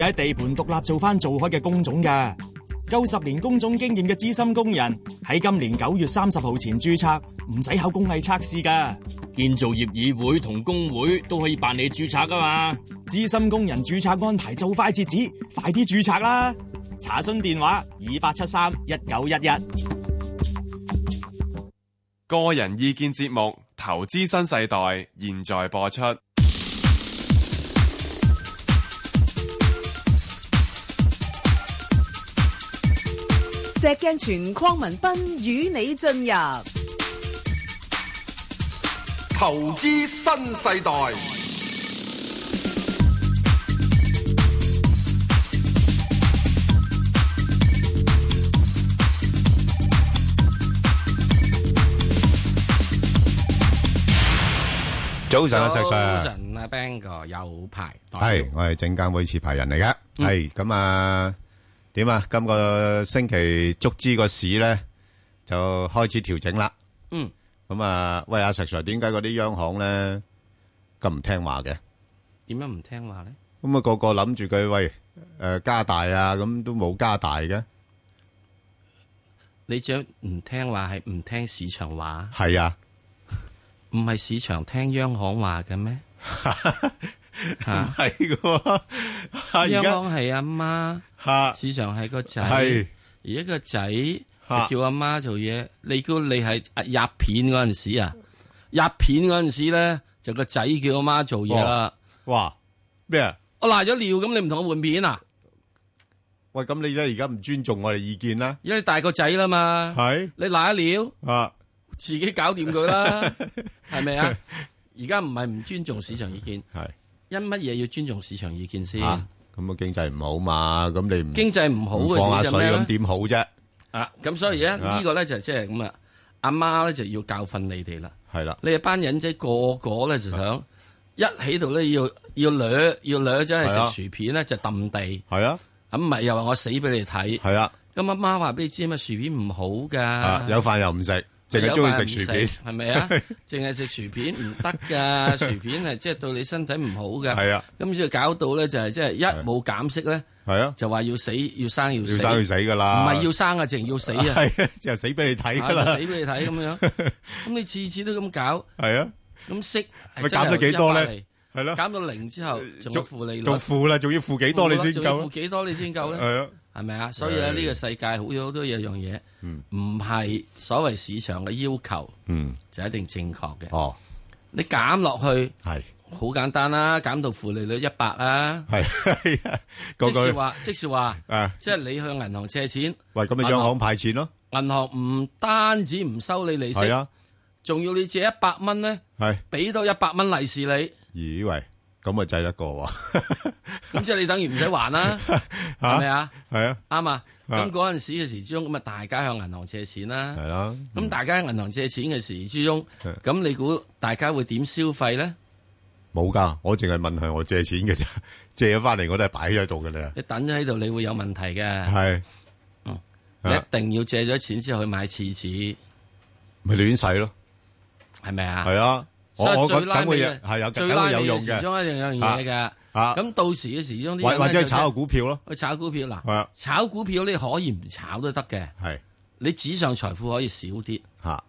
喺地盤獨立做翻做開嘅工種噶，夠十年工種經驗嘅資深工人喺今年九月三十號前注冊，唔使考工藝測試噶。建造業議會同工會都可以辦理注冊噶嘛。資深工人注冊安排就快截止，快啲注冊啦！查詢電話二八七三一九一一。個人意見節目《投資新世代》現在播出。石鏡泉鄺民彬與你進入投資新世代。早晨上啊，石早晨啊，Bang 哥，上 ingo，有排。係，我係證監會持牌人嚟噶。係、嗯，咁啊。Uh 點啊？今個星期足資個市咧就開始調整啦。嗯，咁啊，喂，阿石 Sir，點解嗰啲央行咧咁唔聽話嘅？點樣唔聽話咧？咁啊，個個諗住佢喂誒加大啊，咁都冇加大嘅。你只唔聽話係唔聽市場話？係啊，唔係市場聽央行話嘅咩？吓，係噶。吓，而家係阿媽，吓，市場係個仔。而一個仔叫阿媽做嘢，你估你係入片嗰陣時啊，入片嗰陣時咧就個仔叫阿媽做嘢啦，哇咩啊，我瀨咗尿，咁你唔同我換片啊？喂，咁你而家，而家唔尊重我哋意見啦，因為大個仔啦嘛。係你瀨咗尿啊，自己搞掂佢啦，係咪啊？而家唔係唔尊重市場意見，係。因乜嘢要尊重市場意見先？咁啊經濟唔好嘛，咁你唔經濟唔好嘅時就咩？咁點好啫？啊，咁所以咧，呢個咧就即係咁啊，阿媽咧就要教訓你哋啦。係啦，你一班癲仔個個咧就想一起到咧要要掠要掠咗去食薯片咧就揼地。係啊，咁唔係又話我死俾你睇。係啊，咁阿媽話俾你知咩薯片唔好㗎，有飯又唔食。淨係中意食薯片，係咪啊？淨係食薯片唔得噶，薯片係即係對你身體唔好噶。係啊，咁所以搞到咧就係即係一冇減息咧，係啊，就話要死要生要死要生要死噶啦，唔係要生啊，淨要死啊，即係死俾你睇噶啦，死俾你睇咁樣，咁你次次都咁搞，係啊，咁息係咪減咗幾多咧？係咯，減到零之後仲負利，仲負啦，仲要負幾多你先夠？負幾多你先夠咧？係啊。係咪啊？所以咧，呢個世界好，好多有樣嘢唔係所謂市場嘅要求就一定正確嘅。哦，你減落去係好簡單啦，減到負利率一百啦。係，即係話，即係話，即係你向銀行借錢。喂，咁你央行派錢咯？銀行唔單止唔收你利息，啊，仲要你借一百蚊咧，係俾到一百蚊利是你，咦，喂？咁咪制得過？咁 即係你等於唔使還啦，係咪啊？係啊，啱吧啊。咁嗰陣時嘅時之中，咁啊大家向銀行借錢啦，係啊，咁大家向銀行借錢嘅時之中，咁、啊、你估大家會點消費咧？冇噶，我淨係問向我借錢嘅，借咗翻嚟我都係擺喺度嘅啦。你、啊、你等咗喺度你會有問題嘅，係、啊，嗯、一定要借咗錢之後去買廁紙，咪亂使咯，係咪啊？係啊。我最拉尾嘅係有最拉尾有用嘅，咁到時嘅時鐘或者係炒下股票咯，炒股票嗱，炒股票你可以唔炒都得嘅，係你紙上財富可以少啲，吓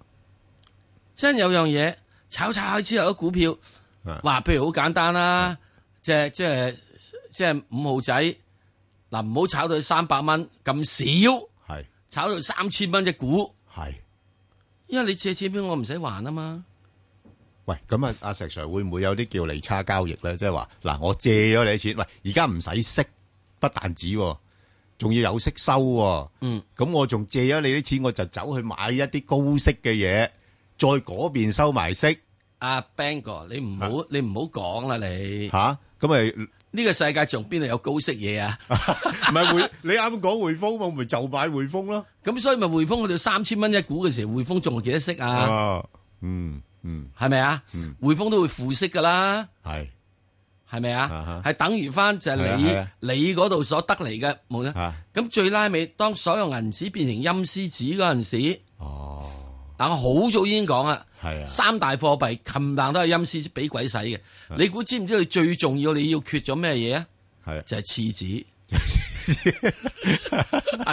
真有樣嘢炒炒下始有嘅股票，話譬如好簡單啦，即係即係即係五號仔嗱，唔好炒到三百蚊咁少，係炒到三千蚊隻股，係因為你借錢俾我唔使還啊嘛。咁啊，阿石 Sir 會唔會有啲叫利差交易咧？即係話，嗱，我借咗你啲錢，喂，而家唔使息，不但止，仲要有息收。嗯，咁我仲借咗你啲錢，我就走去買一啲高息嘅嘢，再嗰邊收埋息。阿 Bang 哥，你唔好你唔好講啦，你吓咁啊？呢個世界仲邊度有高息嘢啊？唔係匯，你啱啱講匯豐，我咪就買匯豐咯。咁所以咪匯豐佢哋三千蚊一股嘅時候，匯豐仲係幾多息啊？嗯。嗯，係咪啊？匯豐都會負息噶啦，係係咪啊？係等於翻就係你你嗰度所得嚟嘅冇啦。咁最拉尾，當所有銀紙變成陰司紙嗰陣時，哦，但我好早已經講啦，係啊，三大貨幣冚唪唥都係陰司紙俾鬼使嘅。你估知唔知佢最重要你要缺咗咩嘢啊？係就係廁紙。係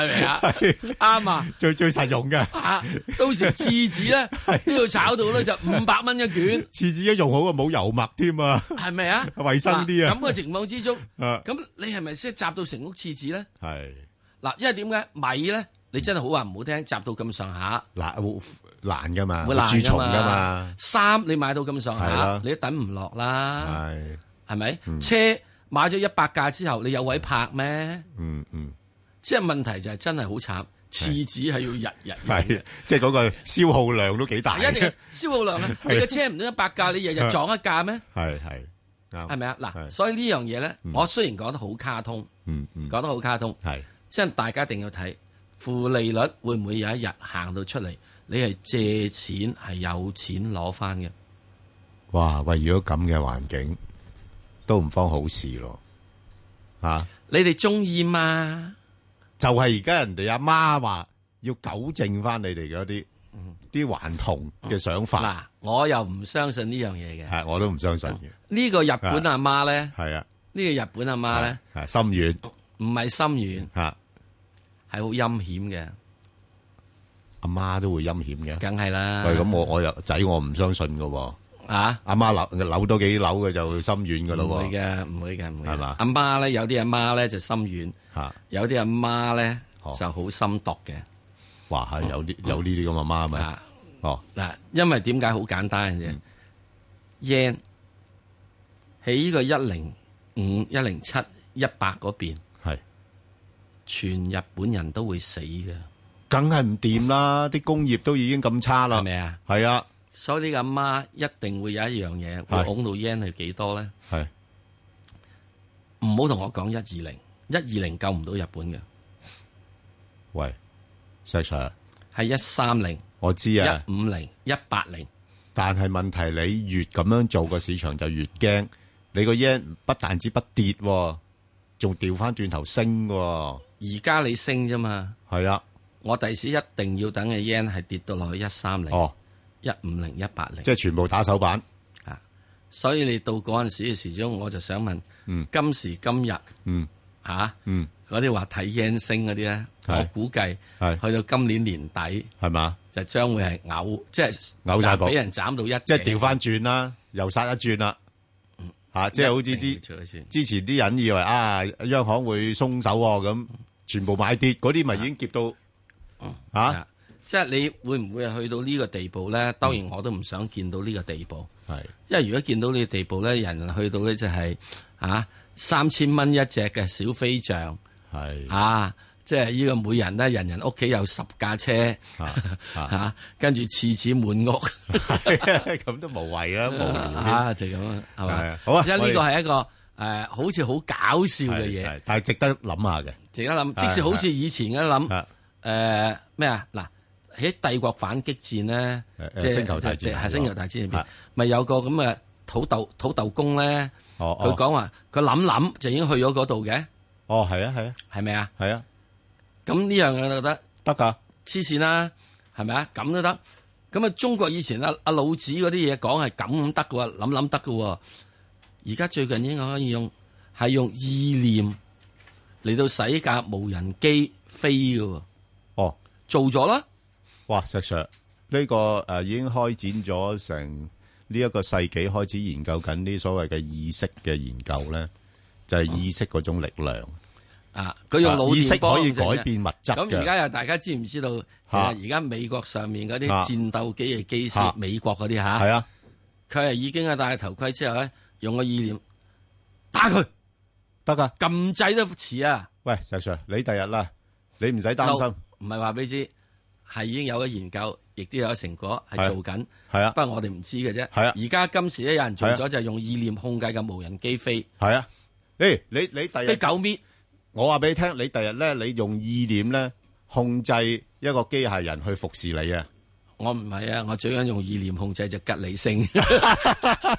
咪啊？啱啊！最最實用嘅吓，到時廁紙咧都要炒到咧就五百蚊一卷。廁紙一用好啊，冇油墨添啊，係咪啊？衛生啲啊！咁嘅情況之中，誒，咁你係咪先集到成屋廁紙咧？係嗱，因為點解米咧？你真係好話唔好聽，集到咁上下，嗱難噶嘛，會蛀蟲噶嘛。衫你買到咁上下，你都等唔落啦，係係咪？車。買咗一百架之後，你有位泊咩？嗯嗯，即係問題就係真係好慘，廁紙係要日日用，即係嗰個消耗量都幾大。一定消耗量啊，你個車唔到一百架，你日日撞一架咩？係係，係咪啊？嗱，所以呢樣嘢咧，我雖然講得好卡通，嗯嗯，講得好卡通，係，即係大家一定要睇，負利率會唔會有一日行到出嚟？你係借錢係有錢攞翻嘅？哇！喂，如果咁嘅環境。都唔慌好事咯，啊！你哋中意嘛？就係而家人哋阿媽話要糾正翻你哋嗰啲啲頑童嘅想法。嗱、嗯嗯，我又唔相信呢樣嘢嘅，係我都唔相信嘅。呢、啊呢個日本阿媽咧，係啊，呢個日本阿媽咧，心軟唔係心軟，吓係好陰險嘅。阿媽都會陰險嘅，梗係啦。喂，咁，我我有仔，我唔相信噶。啊！阿媽扭扭多幾扭佢就心軟噶咯，唔會嘅，唔會嘅，唔會。係嘛吧？阿媽咧，有啲阿媽咧就心軟，吓、啊、有啲阿媽咧就好心毒嘅。哇！吓，有啲有呢啲咁嘅媽咪。哦、嗯，嗱，啊啊、因為點解好簡單嘅啫？yen 喺呢個一零五一零七一零八嗰邊，係是全日本人都會死嘅，梗係唔掂啦！啲工業都已經咁差啦，係咪啊？係啊。所以呢個阿媽一定會有一樣嘢，會拱到 yen 係幾多咧？係唔好同我講一二零，一二零救唔到日本嘅。喂，石 Sir，係一三零，是130，我知啊，一五零，一八零。但係問題你越咁樣做，個市場就越驚。你個 yen 不但止不跌喎，仲掉翻轉頭升喎。而家你升啫嘛，係啊的。我第時一定要等嘅 yen 係跌到落去一三零。哦一五零一八零，150, 即係全部打手板啊！所以你到嗰陣時嘅時鐘，我就想問，嗯、今時今日，嗯、啊，嗰啲話睇 y e 升嗰啲咧，是我估計是去到今年年底，係嘛吧，就將會係嘔，即係嘔晒，俾人斬到一，即係掉翻轉啦，又殺一轉啦，吓、啊，即、就、係、是、好似之之前啲人以為啊，央行會鬆手喎，咁、啊、全部買跌，嗰啲咪已經劫到、嗯嗯嗯、啊？即係你會唔會去到呢個地步咧？當然我都唔想見到呢個地步。係，因為如果見到呢個地步咧，人人去到咧就係啊三千蚊一隻嘅小飛象。係。啊，即係呢個每人咧，人人屋企有十架車。嚇跟住次次滿屋，咁都無謂啦。啊，就咁樣啊，係嘛？好啊。因為呢個係一個誒，好似好搞笑嘅嘢，但係值得諗下嘅。值得諗，即使好似以前一諗，誒咩啊嗱。喺《帝國反擊戰》咧是，即係是星球大戰，係星球大戰入邊咪有個咁嘅土豆土豆公咧。佢講話佢諗諗就已經去咗嗰度嘅。哦，係啊，係啊，係咪嗎啊？係啊。咁呢樣就覺得得噶黐線啦，係咪啊？咁都得咁啊？中國以前阿阿老子嗰啲嘢講係咁得嘅喎，諗諗得嘅喎。而家最近已經可以用係用意念嚟到使架無人機飛嘅喎。哦，做咗啦。哇！石 Sir，呢、這個誒、呃、已經開展咗成呢一個世紀，開始研究緊啲所謂嘅意識嘅研究咧，就係、是、意識嗰種力量啊！佢用、啊、意識可以改變物質。咁而家又大家知唔知道？而家美國上面嗰啲戰鬥機嘅機師，啊、美國嗰啲嚇，係啊，佢係、啊、已經係戴頭盔之後咧，用個意念打佢得㗎，撳掣都遲啊！遲喂，石 Sir，你第日啦，你唔使擔心，唔係話俾你知。係已經有咗研究，亦都有咗成果，係做緊。係啊，不過我哋唔知嘅啫。係啊，而家今時咧有人做咗就係用意念控制嘅無人機飛。係啊，誒、欸、你你第日？九咩？我話俾你聽，你第日咧，你用意念咧控制一個機械人去服侍你啊！我唔係啊，我最近用意念控制就吉李勝。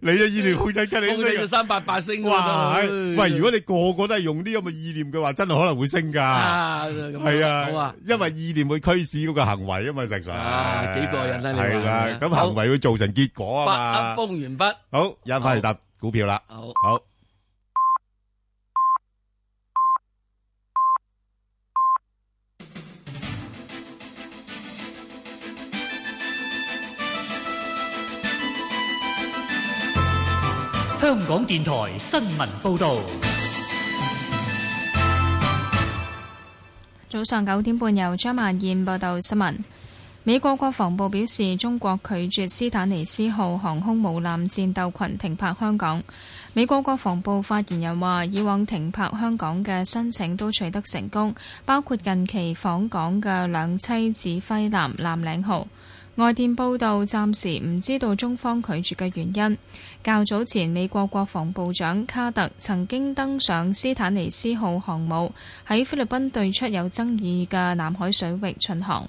你嘅意念控制，我嗰個三八八升哇！喂，喂喂，如果你個個都係用呢咁嘅意念嘅話，真係可能會升噶。係啊，啊因為意念會驅使嗰個行為啊嘛，實際上啊，幾過癮啊！係啦、啊，咁、嗯嗯嗯嗯、行為會造成結果啊嘛。封完筆，好，翻嚟答股票啦。好。香港電台新聞報道，早上九點半由張曼燕報道新聞。美國國防部表示，中國拒絕斯坦尼斯號航空母艦戰鬥群停泊香港。美國國防部發言人話，以往停泊香港嘅申請都取得成功，包括近期訪港嘅兩棲指揮艦藍，藍嶺號。外電報導暫時唔知道中方拒絕嘅原因。較早前，美國國防部長卡特曾經登上斯坦尼斯號航母，喺菲律賓對出有爭議嘅南海水域巡航。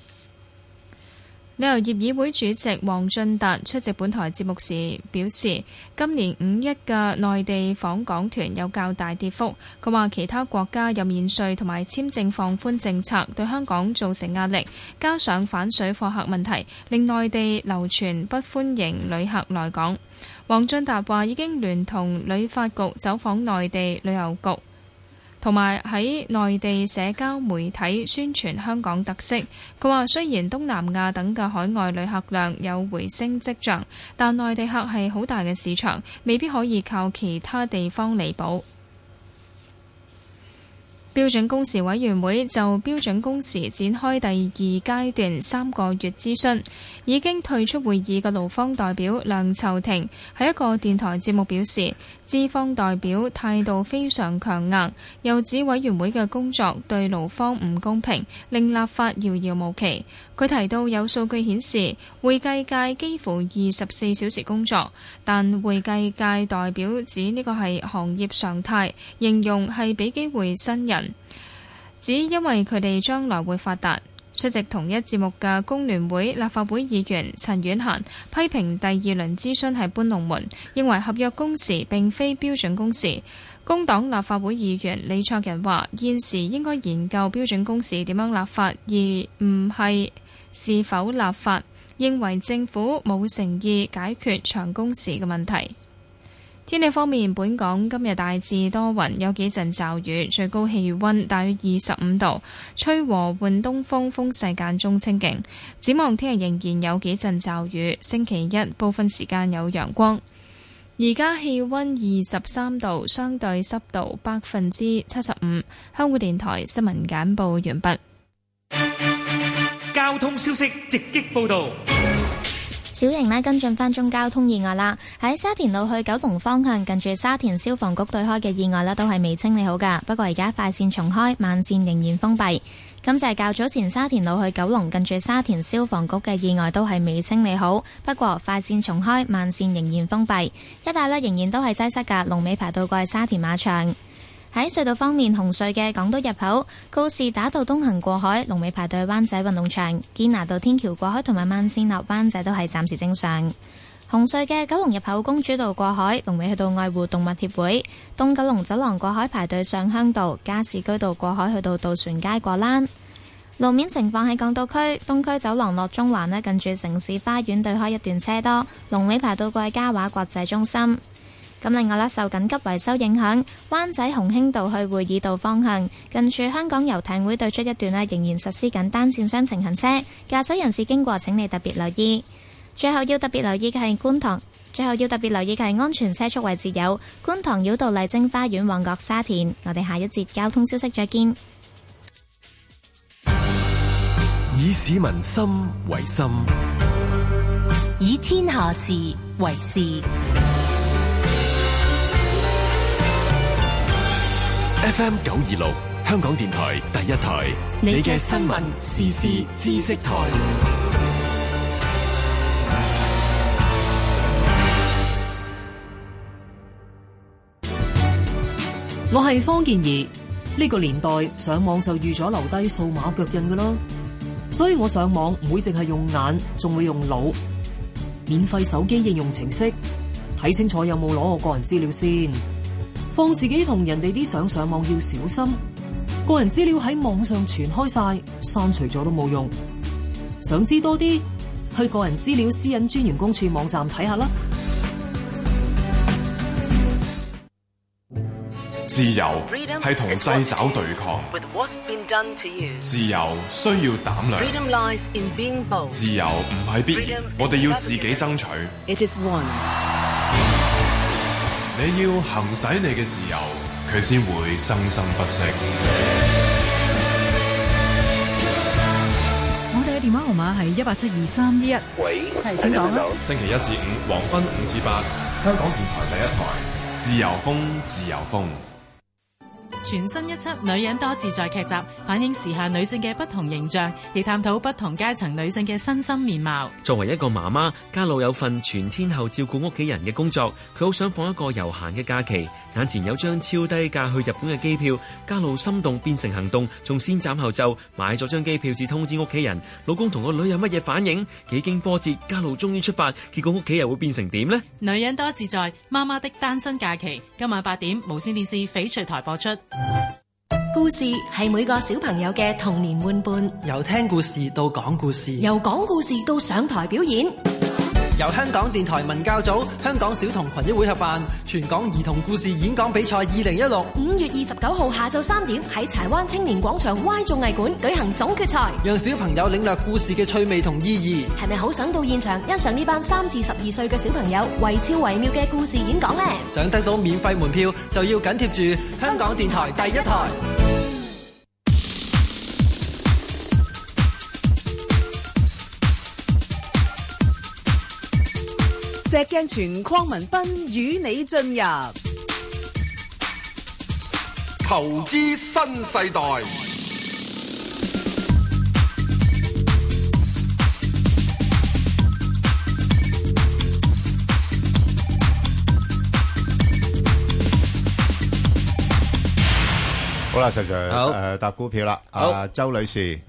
旅遊業議會主席王俊達出席本台節目時表示，今年五一嘅內地訪港團有較大跌幅。佢話其他國家有免稅同埋簽證放寬政策對香港造成壓力，加上反水貨客問題，令內地流傳不歡迎旅客來港。王俊達話已經聯同旅發局走訪內地旅遊局。同埋喺內地社交媒體宣傳香港特色。佢話：雖然東南亞等嘅海外旅客量有回升跡象，但內地客係好大嘅市場，未必可以靠其他地方彌補。標準工時委員會就標準工時展開第二階段三個月諮詢，已經退出會議嘅勞方代表梁籌庭喺一個電台節目表示，資方代表態度非常強硬，又指委員會嘅工作對勞方唔公平，令立法遙遙無期。佢提到有數據顯示會計界幾乎二十四小時工作，但會計界代表指呢個係行業常態，形容係俾機會新人。只因為佢哋將來會發達，出席同一節目嘅工聯會立法會議員陳婉嫻批評第二輪諮詢係搬龍門，認為合約工時並非標準工時。工黨立法會議員李卓人話：現時應該研究標準工時點樣立法，而唔係是,是否立法。認為政府冇誠意解決長工時嘅問題。天氣方面，本港今日大致多雲，有幾陣驟雨，最高氣溫大約二十五度，吹和緩東風，風勢間中清勁。展望聽日仍然有幾陣驟雨，星期一部分時間有陽光。而家氣溫二十三度，相對濕度百分之七十五。香港電台新聞簡報完畢。交通消息直擊報道。小型咧跟進翻中交通意外啦，喺沙田路去九龍方向近住沙田消防局對開嘅意外咧都係未清理好噶，不過而家快線重開，慢線仍然封閉。咁就係較早前沙田路去九龍近住沙田消防局嘅意外都係未清理好，不過快線重開，慢線仍然封閉，一帶呢，仍然都係擠塞噶，龍尾排到過去沙田馬場。喺隧道方面，紅隧嘅港島入口、告士打道東行過海、龍尾排隊灣仔運動場、堅拿道天橋過海同埋慢線落灣仔都係暫時正常。紅隧嘅九龍入口、公主道過海、龍尾去到愛護動物協會、東九龍走廊過海排隊上鄉道、加士居道過海去到渡船街過欄。路面情況喺港島區、東區走廊落中環咧，近住城市花園對開一段車多，龍尾排到貴嘉華國際中心。咁另外啦，受緊急維修影響，灣仔鴻興道去會議道方向近處香港遊艇會對出一段呢，仍然實施緊單線雙程行車，駕駛人士經過請你特別留意。最後要特別留意嘅係觀塘，最後要特別留意嘅係安全車速位置有觀塘繞道麗晶花園、旺角沙田。我哋下一節交通消息再見。以市民心為心，以天下事為事。FM 九二六，香港電台第一台。你嘅新聞、時事、知識台。我係方健儀。呢、這個年代上網就預咗留低數碼腳印噶啦，所以我上網唔會淨係用眼，仲會用腦。免費手機應用程式，睇清楚有冇攞我個人資料先。放自己同人哋啲相上網要小心，個人資料喺網上傳開晒，刪除咗都冇用。想知多啲，去個人資料私隱專員公署網站睇下啦。自由係同掣肘對抗，自由需要膽量，自由唔係必然，我哋要自己爭取。It is one. 你要行使你嘅自由，佢先會生生不息。我哋嘅電話號碼係一八七二三一一。喂，係，請講啦。星期一至五，黃昏五至八，香港電台第一台，自由風，自由風。全新一輯《女人多自在》劇集，反映時下女性嘅不同形象，亦探討不同階層女性嘅身心面貌。作為一個媽媽，家老有份全天候照顧屋企人嘅工作，佢好想放一個悠閒嘅假期。眼前有張超低價去日本嘅機票，嘉露心動變成行動，仲先斬後奏買咗張機票至通知屋企人，老公同個女有乜嘢反應？幾經波折，嘉露終於出發，結果屋企又會變成點呢？女人多自在，媽媽的單身假期，今晚八點無線電視翡翠台播出。故事係每個小朋友嘅童年玩伴，由聽故事到講故事，由講故事到上台表演。由香港電台文教組、香港小童群益會合辦，全港兒童故事演講比賽二零一六五月二十九號下晝三點喺柴灣青年廣場 Y 綜藝館舉行總決賽，讓小朋友領略故事嘅趣味同意義。係咪好想到現場欣賞呢班三至十二歲嘅小朋友惟超惟妙嘅故事演講呢？想得到免費門票就要緊貼住香港電台第一台。石鏡泉、鄺民彬與你進入投資新世代。好啦 ，Sir Sir，誒好、呃，答股票啦，阿好、呃、周女士。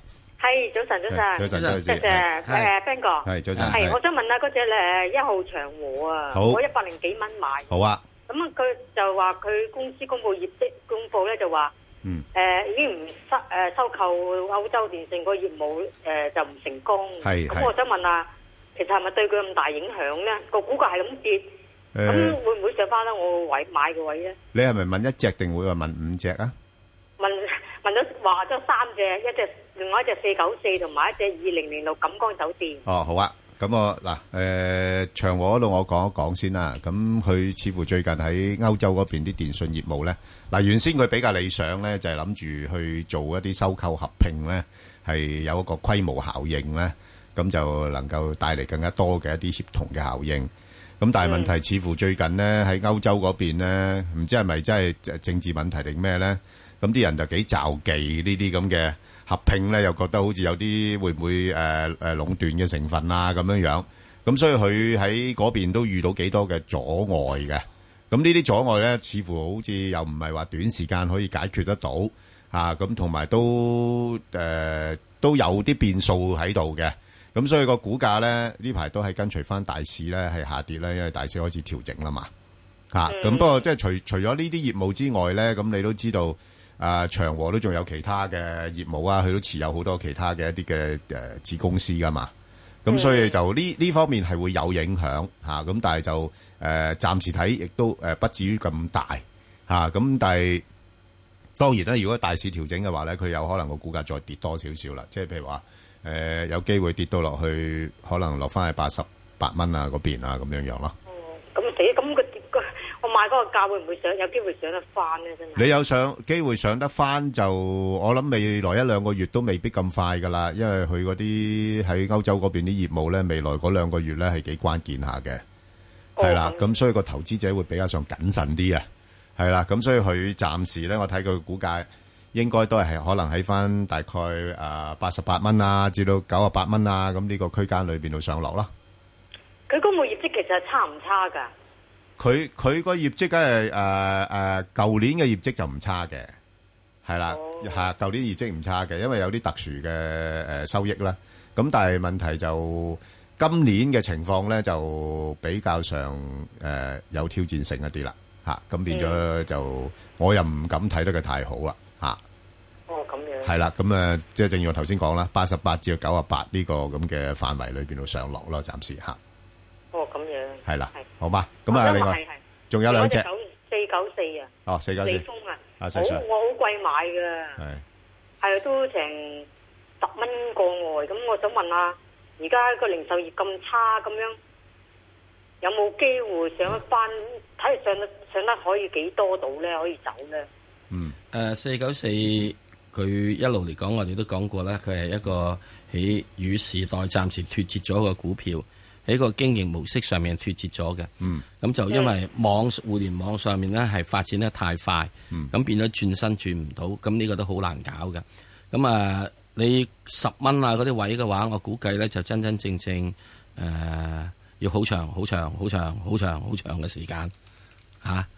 係早晨，早晨，早晨，多謝誒，誒，Ben 哥，係早晨，係我想問下嗰隻誒一號長和啊，我一百零幾蚊買，好啊。咁啊，佢就話佢公司公佈業績公佈咧，就話誒已經唔收誒收購歐洲電信個業務誒就唔成功。係咁，我想問下，其實係咪對佢咁大影響咧？個股價係咁跌，咁會唔會上翻咧？我位買嘅位咧？你係咪問一隻定會話問五隻啊？問問咗話咗三隻，一隻。另外一隻四九四同埋一隻二零零六錦江酒店。哦，好啊，咁我嗱，誒長和嗰度我講一講先啦。咁佢似乎最近喺歐洲嗰邊啲電訊業務咧，嗱原先佢比較理想咧，就係諗住去做一啲收購合併咧，係有一個規模效應咧，咁就能夠帶嚟更加多嘅一啲協同嘅效應。咁但係問題似乎最近咧喺歐洲嗰邊咧，唔知係咪真係政政治問題定咩咧？咁啲人就幾詐忌呢啲咁嘅。合併咧，又覺得好似有啲會唔會誒誒、呃呃、壟斷嘅成分啊咁樣樣，咁所以佢喺嗰邊都遇到幾多嘅阻礙嘅，咁呢啲阻礙咧，似乎好似又唔係話短時間可以解決得到啊，咁同埋都誒、呃、都有啲變數喺度嘅，咁所以個股價咧呢排都係跟隨返大市咧係下跌咧，因為大市開始調整啦嘛，嚇、啊、咁不過即係除除咗呢啲業務之外咧，咁你都知道。啊，長和都仲有其他嘅業務啊，佢都持有好多其他嘅一啲嘅誒子公司噶嘛，咁所以就呢呢 方面係會有影響嚇，咁、啊、但係就誒暫、呃、時睇亦都誒、呃、不至於咁大嚇，咁、啊、但係當然啦，如果大市調整嘅話咧，佢有可能個股價再跌多少少啦，即係譬如話誒、呃、有機會跌到落去，可能落翻去八十八蚊啊嗰邊啊咁樣這樣咯。嗯我買嗰個價會唔會上有機會上得翻呢？真係你有上機會上得翻就，我諗未來一兩個月都未必咁快噶啦，因為佢嗰啲喺歐洲嗰邊啲業務咧，未來嗰兩個月咧係幾關鍵下嘅，係啦。咁所以個投資者會比較上謹慎啲啊，係啦。咁所以佢暫時咧，我睇佢估價應該都係可能喺翻大概誒八十八蚊啊，至到九十八蚊啊，咁呢個區間裏邊度上落啦。佢公布業績其實係差唔差噶？佢佢個業績梗係誒誒，舊、呃呃、年嘅業績就唔差嘅，係啦，嚇、哦，舊年業績唔差嘅，因為有啲特殊嘅誒、呃、收益啦。咁但係問題就今年嘅情況咧，就比較上誒、呃、有挑戰性一啲啦，嚇、啊。咁變咗就，嗯、我又唔敢睇得佢太好、啊哦、啦，嚇。哦，咁樣。係啦，咁誒，即係正如我頭先講啦，八十八至到九十八呢個咁嘅範圍裏邊度上落咯，暫時嚇。啊。哦，咁樣係啦，好吧。咁啊，另外仲有兩隻四九四啊，哦，四九四。李峰啊，啊，四我好貴買噶，係係都成十蚊個外。咁我想問下，而家個零售業咁差咁樣，有冇機會上翻？睇下上得上得可以幾多度咧？可以走咧？嗯，誒，四九四，佢一路嚟講，我哋都講過啦，佢係一個喺與時代暫時脫節咗嘅股票。喺個經營模式上面脱節咗嘅。咁、嗯、就因為網的互聯網上面咧係發展得太快，咁、嗯、變咗轉身轉唔到，咁呢個都好難搞嘅。咁啊、呃，你十蚊啊嗰啲位嘅話，我估計咧就真真正正誒、呃、要好長好長好長好長好長嘅時間嚇，即、啊、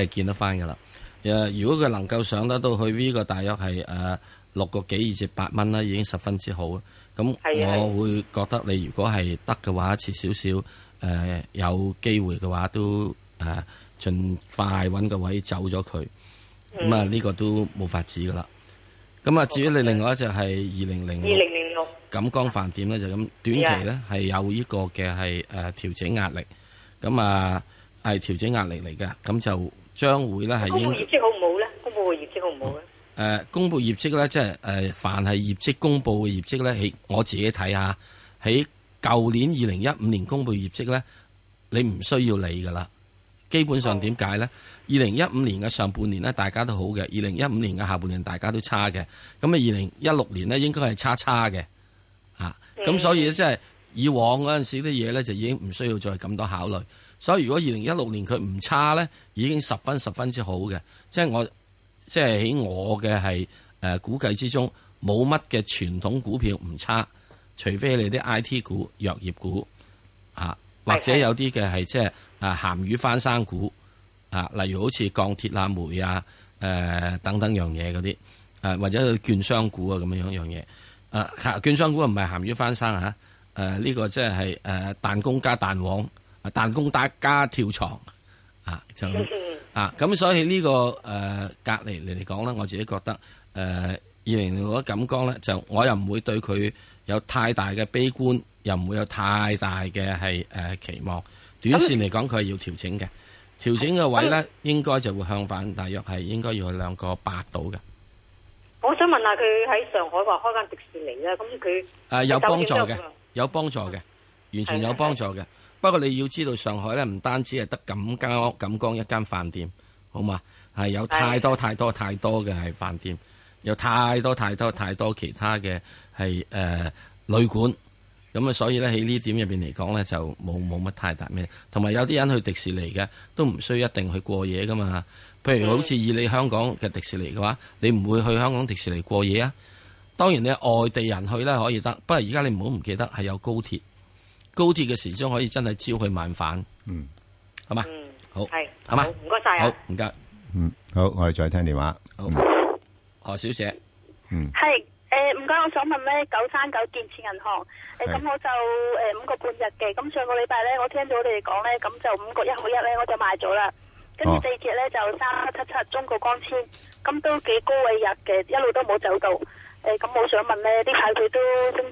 係、嗯、見得翻㗎啦。誒，如果佢能夠上得到去呢個大約係誒。呃六個幾二至八蚊啦，已經十分之好。咁是的 我會覺得你如果係得嘅話，蝕少少，誒、呃、有機會嘅話，都誒盡、呃、快揾個位走咗佢。咁啊呢個都冇法子噶啦。咁啊至於你另外一隻係二零零六，二零零六錦江飯店咧就咁短期咧係有呢個嘅係誒調整壓力。咁、嗯、啊係調整壓力嚟嘅，咁就將會咧係公布業績好唔好咧？公布嘅業績好唔好咧？嗯誒、呃，公布業績呢，即係誒、呃，凡係業績公布嘅業績呢，喺我自己睇下，喺舊年二零一五年公布業績呢，你唔需要理噶啦。基本上點解呢？二零一五年嘅上半年呢，大家都好嘅；二零一五年嘅下半年，大家都差嘅。咁啊，二零一六年呢，應該係差差嘅。啊，咁所以即係以往嗰陣時啲嘢呢，就已經唔需要再咁多考慮。所以如果二零一六年佢唔差呢，已經十分十分之好嘅。即係我。即係喺我嘅係誒估計之中，冇乜嘅傳統股票唔差，除非你啲 I T 股、藥業股啊，或者有啲嘅係即係啊鹹魚翻身股啊，例如好似鋼鐵啊、煤啊誒等等樣嘢嗰啲誒，或者券商股啊咁樣樣嘢誒，券、啊、商股唔係鹹魚翻身嚇誒，呢、啊這個即係誒彈弓加彈簧啊，彈弓打加，加跳床。啊就。 啊，咁所以呢、呢個誒、呃、隔離嚟嚟講咧，我自己覺得誒二零零六嗰感覺咧，就我又唔會對佢有太大嘅悲觀，又唔會有太大嘅係誒期望。短線嚟講，佢係要調整嘅，調整嘅位咧，應該就會向反大約係應該要去兩個八度嘅。我想問下佢喺上海話開間迪士尼咧，咁佢誒有幫助嘅，有幫助嘅，完全有幫助嘅。不過你要知道，上海咧唔單止係得錦江，錦江一間飯店，好嘛？係有太多太多太多嘅係飯店，有太多太多太多其他嘅係誒旅館。咁啊，所以咧喺呢點入邊嚟講咧，就冇冇乜太大咩。同埋有啲人去迪士尼嘅，都唔需要一定去過夜噶嘛。譬如好似以你香港嘅迪士尼嘅話，你唔會去香港迪士尼過夜啊。當然你外地人去咧可以得，不過而家你唔好唔記得係有高鐵。高鐵嘅時鐘可以真係朝去晚返，嗯，好嘛，嗯，好，係，好嘛，唔該晒，好唔該，嗯，好，我哋再聽電話，好，何、嗯哦、小姐，嗯，係，誒、呃，唔該，我想問咧，九三九建設銀行，誒、呃，咁我就誒、呃、五個半日嘅，咁上個禮拜咧，我聽到你哋講咧，咁就五個一毫一咧，我就賣咗啦，跟住地隻咧就三七七七中國光纖，咁、嗯、都幾高嘅。日嘅，一路都冇走到，誒、呃，咁、呃、我、呃呃呃嗯嗯、想問咧，啲派佢都。都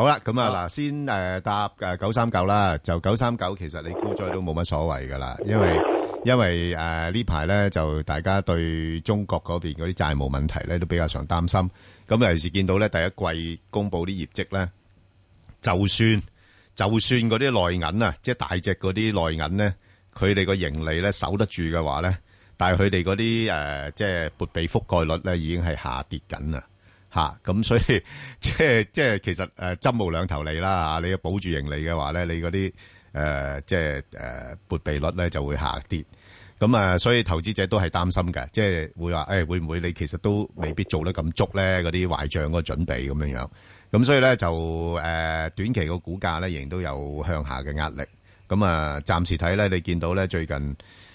好啦，咁啊，嗱，先誒答誒九三九啦，就九三九，其實你沽咗都冇乜所謂噶啦，因為因為誒呢排咧就大家對中國嗰邊嗰啲債務問題咧都比較常擔心，咁尤其是見到咧第一季公布啲業績咧，就算就算嗰啲內銀啊，即係大隻嗰啲內銀咧，佢哋個盈利咧守得住嘅話咧，但係佢哋嗰啲誒即係撥備覆蓋率咧已經係下跌緊啦。吓，咁、啊嗯、所以即係即係，其實誒針、呃、無兩頭利啦吓，你要保住盈利嘅話咧，你嗰啲誒即係誒撥備率咧就會下跌，咁、嗯、啊，所以投資者都係擔心嘅，即係會話誒、欸、會唔會你其實都未必做得咁足咧，嗰啲壞賬嗰個準備咁樣樣，咁、嗯、所以咧就誒短期個股價咧仍然都有向下嘅壓力，咁啊暫時睇咧，你見到咧最近誒、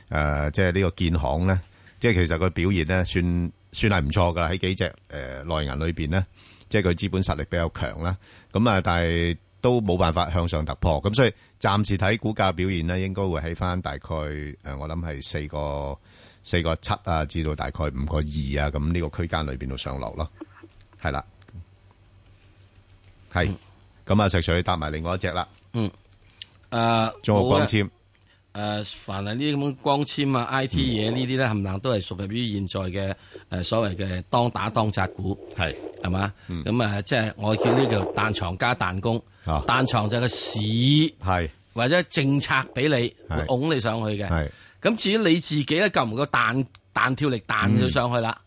呃、即係呢、呢個建行咧，即係其實個表現咧算，算。算係唔錯噶啦，喺幾隻誒內銀裏邊咧，即係佢資本實力比較強啦。咁啊，但係都冇辦法向上突破。咁所以暫時睇股價表現咧，應該會喺翻大概誒，我諗係四個四個七啊，至到大概五個二啊，咁呢個區間裏邊度上落咯。係啦，係。咁啊，石水搭埋另外一隻啦。嗯。誒、嗯。啊、中國光纖。誒、呃，凡係呢啲咁光纖啊、I T 嘢呢啲咧，冚唪唥都係屬於於現在嘅誒、呃、所謂嘅當打當紮股，係係嘛，咁啊吧、嗯嗯、即係我叫呢叫彈床加彈弓，彈、啊、床就係個市，係是或者政策俾你拱是你上去嘅，咁至於你自己咧夠唔夠彈彈跳力彈咗上去啦，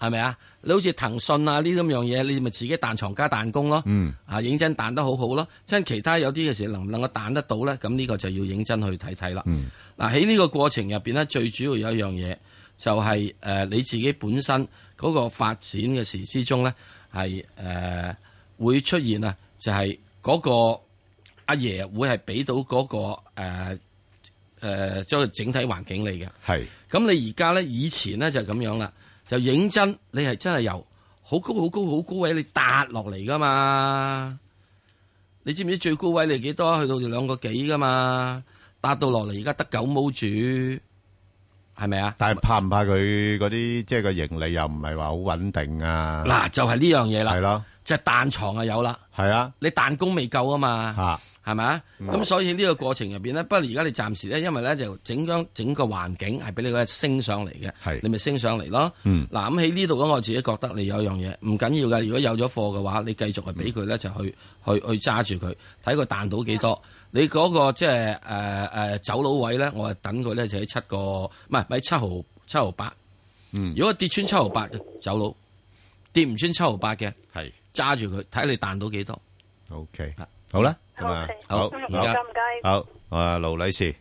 係咪啊？你好似騰訊啊呢咁樣嘢，你咪自己彈床加彈弓咯，啊認、嗯、真彈得好好咯。即係其他有啲嘅時能唔能夠彈得到咧？咁呢個就要認真去睇睇啦。嗱喺呢個過程入邊咧，最主要有一樣嘢就係、是、誒、呃、你自己本身嗰個發展嘅時之中咧，係誒、呃、會出現啊，就係嗰個阿爺會係俾到嗰、那個誒誒將個整體環境嚟嘅。係咁是，你而家咧以前咧就咁樣啦。就認真，你係真係由好高好高好高位你搭落嚟㗎嘛？你知唔知最高位你幾多？去到兩個幾㗎嘛？搭到落嚟而家得九毛住，係咪啊？但係怕唔怕佢嗰啲即係佢盈利又唔係話好穩定啊？嗱、啊，就係、是、呢樣嘢啦，係是咯，即係彈床啊有啦，係啊，你彈弓未夠啊嘛？嚇、啊！係咪？咁所以呢個過程入邊咧，不過而家你暫時咧，因為咧就整張整個環境係俾你升上嚟嘅，係你咪升上嚟咯。嗱咁喺呢度咁，我自己覺得你有一樣嘢唔緊要嘅。如果有咗貨嘅話，你繼續係俾佢咧，就去去去揸住佢，睇佢彈到幾多。你嗰個即係誒誒走佬位咧，我係等佢咧就喺七個唔係喺七毫七毫八，如果跌穿七毫八嘅，走佬，跌唔穿七毫八嘅係揸住佢，睇你彈到幾多。OK，好啦。好，好，好。好，阿盧女士，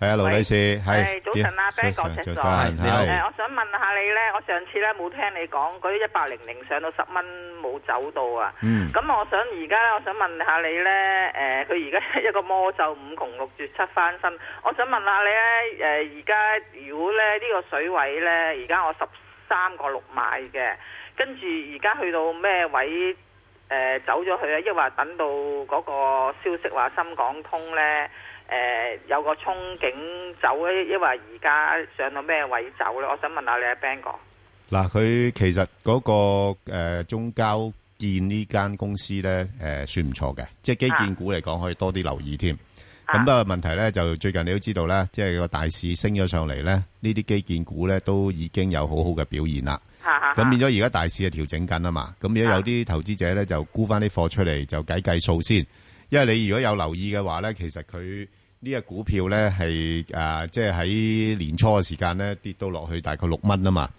係啊，盧女士，係。早晨啊，Ben，早晨早晨。你好，誒，我想問下你咧，我上次咧冇聽你講嗰啲一百零零上到十蚊冇走到啊。嗯。咁我想而家咧，我想問下你咧，誒，佢而家一個魔咒五窮六絕七翻身，我想問下你咧，誒，而家如果咧呢個水位咧，而家我十三個六買嘅，跟住而家去到咩位？誒走咗去咧，抑或等到嗰個消息話深港通咧，誒有個憧憬走咧，抑或而家上到咩位走咧？我想問下你阿 Ben 哥。嗱，佢其實嗰個誒中交建呢間公司咧，誒算唔錯嘅，即係基建股嚟講可以多啲留意添。咁啊，不過問題咧就最近你都知道咧，即係個大市升咗上嚟咧，呢啲基建股咧都已經有好好嘅表現啦。咁 變咗而家大市係調整緊啊嘛，咁而家有啲投資者咧就沽翻啲貨出嚟，就計計數先。因為你如果有留意嘅話咧，其實佢呢個股票咧係誒，即係喺年初嘅時間咧跌到落去大概六蚊啊嘛。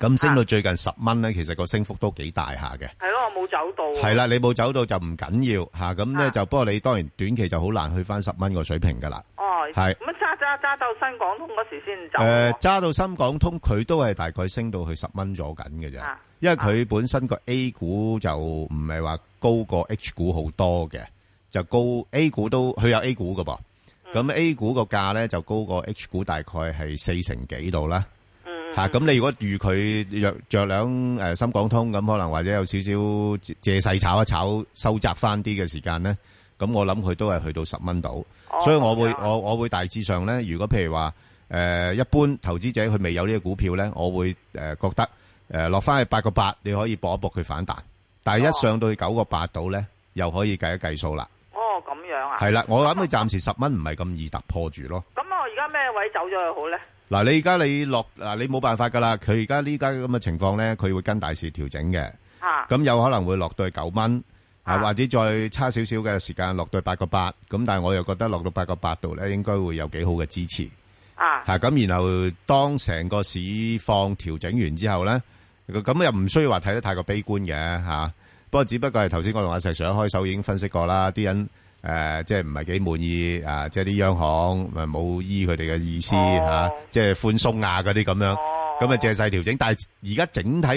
咁、啊、升到最近十蚊咧，啊、其實個升幅都幾大下嘅。係咯，我冇走到。係啦，你冇走到就唔緊要吓，咁咧就不過你當然短期就好難去翻十蚊個水平噶啦。哦、啊，係咁揸揸揸到深港通嗰時先走。誒、嗯，揸、啊、到深港通，佢都係大概升到去十蚊咗緊嘅啫。啊、因為佢本身個 A 股就唔係話高過 H 股好多嘅，就高 A 股都佢有 A 股噶噃。咁、嗯、A 股個價咧就高過 H 股大概係四成幾度啦。嚇咁、嗯啊、你如果預佢若著兩誒、呃、深港通咁，可能或者有少少借勢炒一炒，收窄翻啲嘅時間咧，咁我諗佢都係去到十蚊度，哦、所以我會、啊、我我會大致上咧，如果譬如話誒、呃、一般投資者佢未有呢個股票咧，我會誒、呃、覺得誒、呃、落翻去八個八，你可以搏一搏佢反彈，但係一上到去九個八度咧，又可以計一計數啦。哦，咁樣啊？係啦，我諗佢暫時十蚊唔係咁易突破住咯。位走咗又好咧？嗱，你而家你落嗱，你冇辦法噶啦。佢而家呢家咁嘅情況咧，佢會跟大市調整嘅。啊，咁有可能會落到去九蚊，啊或者再差少少嘅時間落到去八個八。咁但係我又覺得落到八個八度咧，應該會有幾好嘅支持。啊，係咁、啊，然後當成個市況調整完之後咧，咁又唔需要話睇得太過悲觀嘅嚇、啊。不過只不過係頭先我同阿石 Sir 一開手已經分析過啦，啲人。誒，即係唔係幾滿意啊！即係啲央行咪冇依佢哋嘅意思吓，即係寬鬆啊嗰啲咁樣，咁啊借勢調整。但係而家整體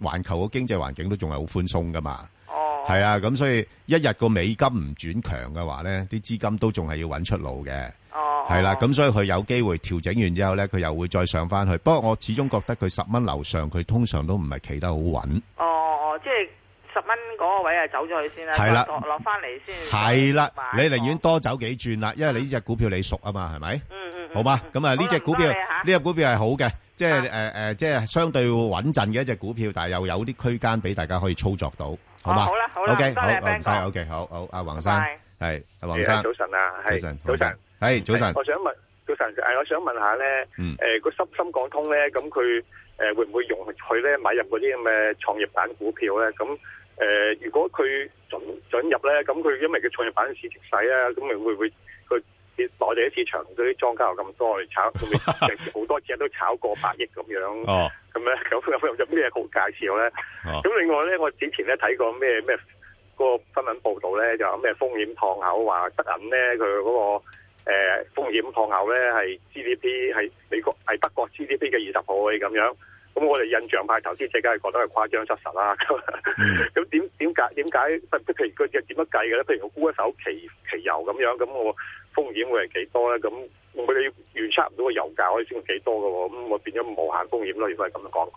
環球嘅經濟環境都仲係好寬鬆噶嘛，哦，係啊。咁所以一日個美金唔轉強嘅話咧，啲資金都仲係要搵出路嘅，哦，係啦。咁所以佢有機會調整完之後咧，佢又會再上翻去。不過我始終覺得佢十蚊樓上，佢通常都唔係企得好穩。哦，即係。十蚊嗰個位啊，走咗去先啦，落落翻嚟先。係啦，你寧願多走幾轉啦，因為你呢隻股票你熟啊嘛，係咪？嗯嗯。好嘛，咁啊呢隻股票，呢隻股票係好嘅，即係誒誒，即係相對穩陣嘅一隻股票，但係又有啲區間俾大家可以操作到，好嘛？好啦，好。O K，好。多謝，O K，好好。阿黃生，係阿黃生，早晨啊，早晨，早晨，誒，早晨。我想問，早晨誒，我想問下咧，誒個深深港通咧，咁佢誒會唔會容許佢咧買入嗰啲咁嘅創業板股票咧？咁誒、呃，如果佢准准入咧，咁佢因為佢創業板市值細啊，咁咪會唔會佢我哋市場嗰啲莊家又咁多，炒好 多隻都炒過百億咁樣，咁咧咁有有咩好介紹咧？咁、哦、另外咧，我之前咧睇過咩咩嗰個新聞報道咧，就話，是，咩風險敞口話德銀咧佢嗰個誒，呃，風險敞口咧係 GDP 係美國係德國 GDP 嘅二十倍咁樣。咁我哋印象派投資者梗係覺得係誇張失實啦。咁點點解點解？即譬如佢嘅點樣計嘅咧？譬如我沽一手期期油咁樣，咁我風險會係幾多咧？咁我哋預測唔到個油價可以升幾多嘅喎。咁我變咗無限風險咯。Mm. 如果係咁樣講，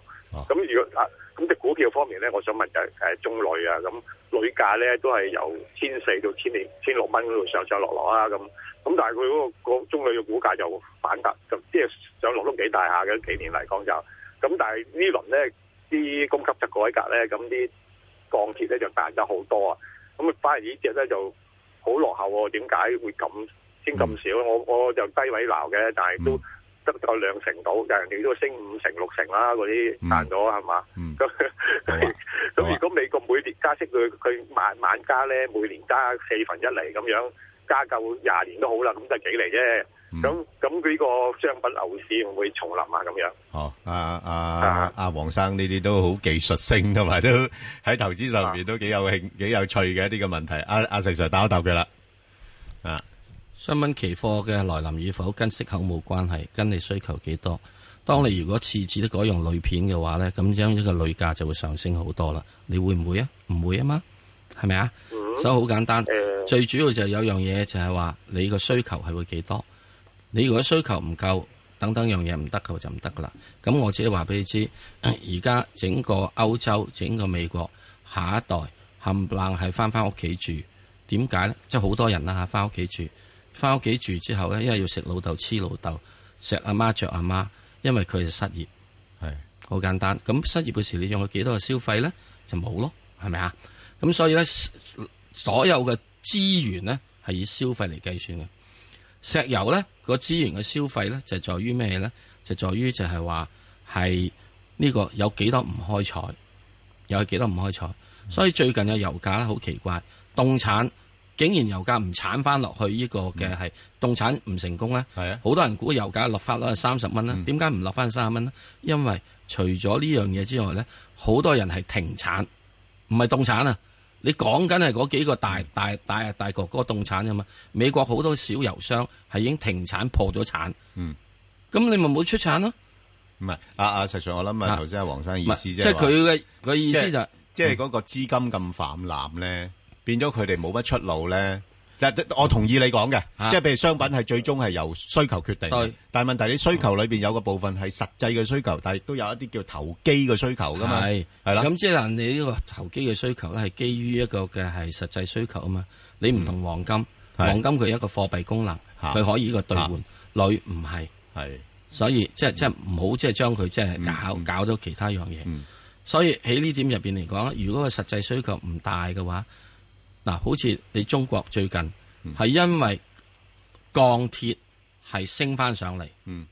咁如果啊咁啲股票方面咧，我想問就係誒中旅啊。咁旅價咧都係由千四到千零千六蚊嗰度上上下落落啊。咁咁但係佢嗰個中旅嘅股價就反彈，就即係上落都幾大下嘅。幾年嚟講就。咁但係呢輪咧啲供給側改革咧，咁啲鋼鐵咧就彈得好多啊！咁反而呢隻咧就好落後喎？點解會咁先咁少？嗯、我我就低位鬧嘅，但係都得夠、嗯、兩成到，但係人哋都升五成六成啦、啊，嗰啲彈咗係嘛？咁咁、啊、 如果美國每年加息佢佢晚晚加咧，每年加四分一嚟咁樣加夠廿年都好啦，咁就幾嚟啫。咁咁，呢個商品牛市唔會重臨啊？咁樣哦，阿阿阿黃生呢啲都好技術性同埋，都喺投資上邊都幾有興、幾、啊、有趣嘅呢、這個問題。阿阿成 Sir 答一答佢啦。啊，商品、啊、期貨嘅來臨與否，跟息口冇關係，跟你需求幾多。當你如果次次都改用鋁片嘅話咧，咁將呢個鋁價就會上升好多啦。你會唔會啊？唔會啊嘛？係咪啊？嗯、所以好簡單，嗯、最主要就係有樣嘢就係話你個需求係會幾多。你如果需求唔夠，等等樣嘢唔得嘅就唔得噶啦。咁我只係話俾你知，而家 整個歐洲、整個美國，下一代冚唪唥係翻翻屋企住。點解咧？即係好多人啦嚇，翻屋企住，翻屋企住之後咧，因為要食老豆黐老豆，食阿媽着阿媽，媽，因為佢係失業，係好 簡單。咁失業嘅時，你用去幾多嘅消費咧？就冇咯，係咪啊？咁所以咧，所有嘅資源咧係以消費嚟計算嘅。石油咧個資源嘅消費咧就在於咩咧？就在於就係話係呢個有幾多唔開採，有幾多唔開採。所以最近嘅油價咧好奇怪，凍產竟然油價唔產翻落去呢個嘅係凍產唔成功咧。係啊的，好多人估油價落翻落去三十蚊啦。點解唔落翻三十蚊呢？因為除咗呢樣嘢之外咧，好多人係停產，唔係凍產啊。你講緊係嗰幾個大大大大，大國嗰、那個動產啫嘛？美國好多小油商係已經停產破咗產，咁、嗯、你咪冇出產咯？唔係啊啊！實在我諗啊，頭先阿黃生意思啫、就是，即係佢嘅嘅意思就係、是，即係嗰個資金咁泛濫咧，嗯、變咗佢哋冇乜出路咧。我同意你講嘅，即係譬如商品係最終係由需求決定。但係問題，你需求裏邊有個部分係實際嘅需求，但係都有一啲叫投機嘅需求㗎嘛。係係啦。咁即係你呢個投機嘅需求咧，係基於一個嘅係實際需求啊嘛。你唔同黃金，黃金佢一個貨幣功能，佢可以呢個兌換。佢唔係係，所以即係即係唔好即係將佢即係搞搞咗其他樣嘢。所以喺呢點入邊嚟講，如果個實際需求唔大嘅話，嗱，好似你中國最近係因為鋼鐵係升翻上嚟，個、嗯、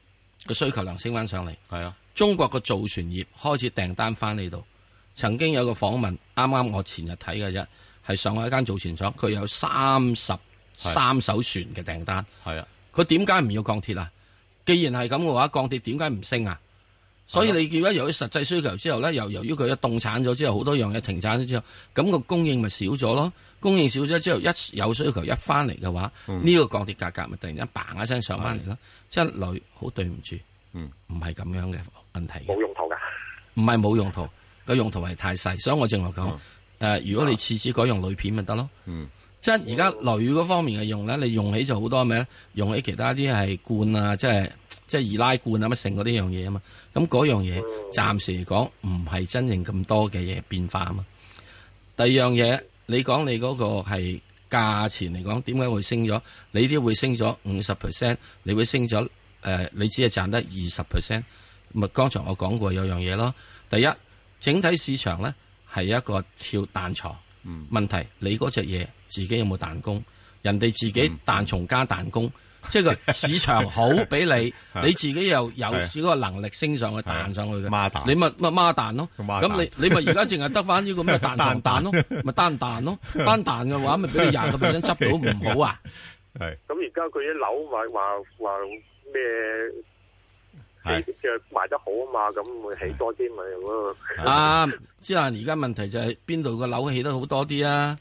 需求量升翻上嚟。係啊、嗯，中國個造船業開始訂單翻嚟度。曾經有個訪問，啱啱我前日睇嘅啫，係上海一間造船廠，佢有三十三艘船嘅訂單。係啊是，佢點解唔要鋼鐵啊？既然係咁嘅話，鋼鐵點解唔升啊？所以你如果由於實際需求之後咧，又由，由於佢一凍產咗之後，好多樣嘢停產咗之後，咁個供應咪少咗咯。供應少咗之後，一有需求一翻嚟嘅話，呢、嗯、個鋼鐵價格咪突然間嘭一聲上翻嚟咯，的即係鋁好對唔住，唔係咁樣嘅問題。冇用途噶，唔係冇用途，個用途係太細，所以我正話講，誒、嗯呃，如果你次次改用鋁片咪得咯。嗯。即而家雷雨嗰方面嘅用咧，你用起就好多咩？用起其他啲係罐啊，即係即係易拉罐啊，乜剩嗰啲樣嘢啊嘛。咁嗰樣嘢暫時嚟講唔係真正咁多嘅嘢變化啊嘛。第二樣嘢，你講你嗰個係價錢嚟講點解會升咗？你啲會升咗五十 percent，你會升咗誒、呃，你只係賺得二十 percent。咪剛才我講過有樣嘢咯。第一，整體市場咧係一個跳彈床問題，你嗰隻嘢。自己有冇彈弓？人哋自己彈重加彈弓，即係個市場好俾你，你自己又有少個能力升上去彈上去嘅。你咪乜孖彈咯？咁你你咪而家淨係得翻呢個咩彈重彈咯？咪單彈咯？單彈嘅話咪俾你廿個 percent 執到唔好啊？係。咁而家佢啲樓話話話咩？係就賣得好啊嘛，咁會起多啲咪？啊！即係而家問題就係邊度個樓起得好多啲啊？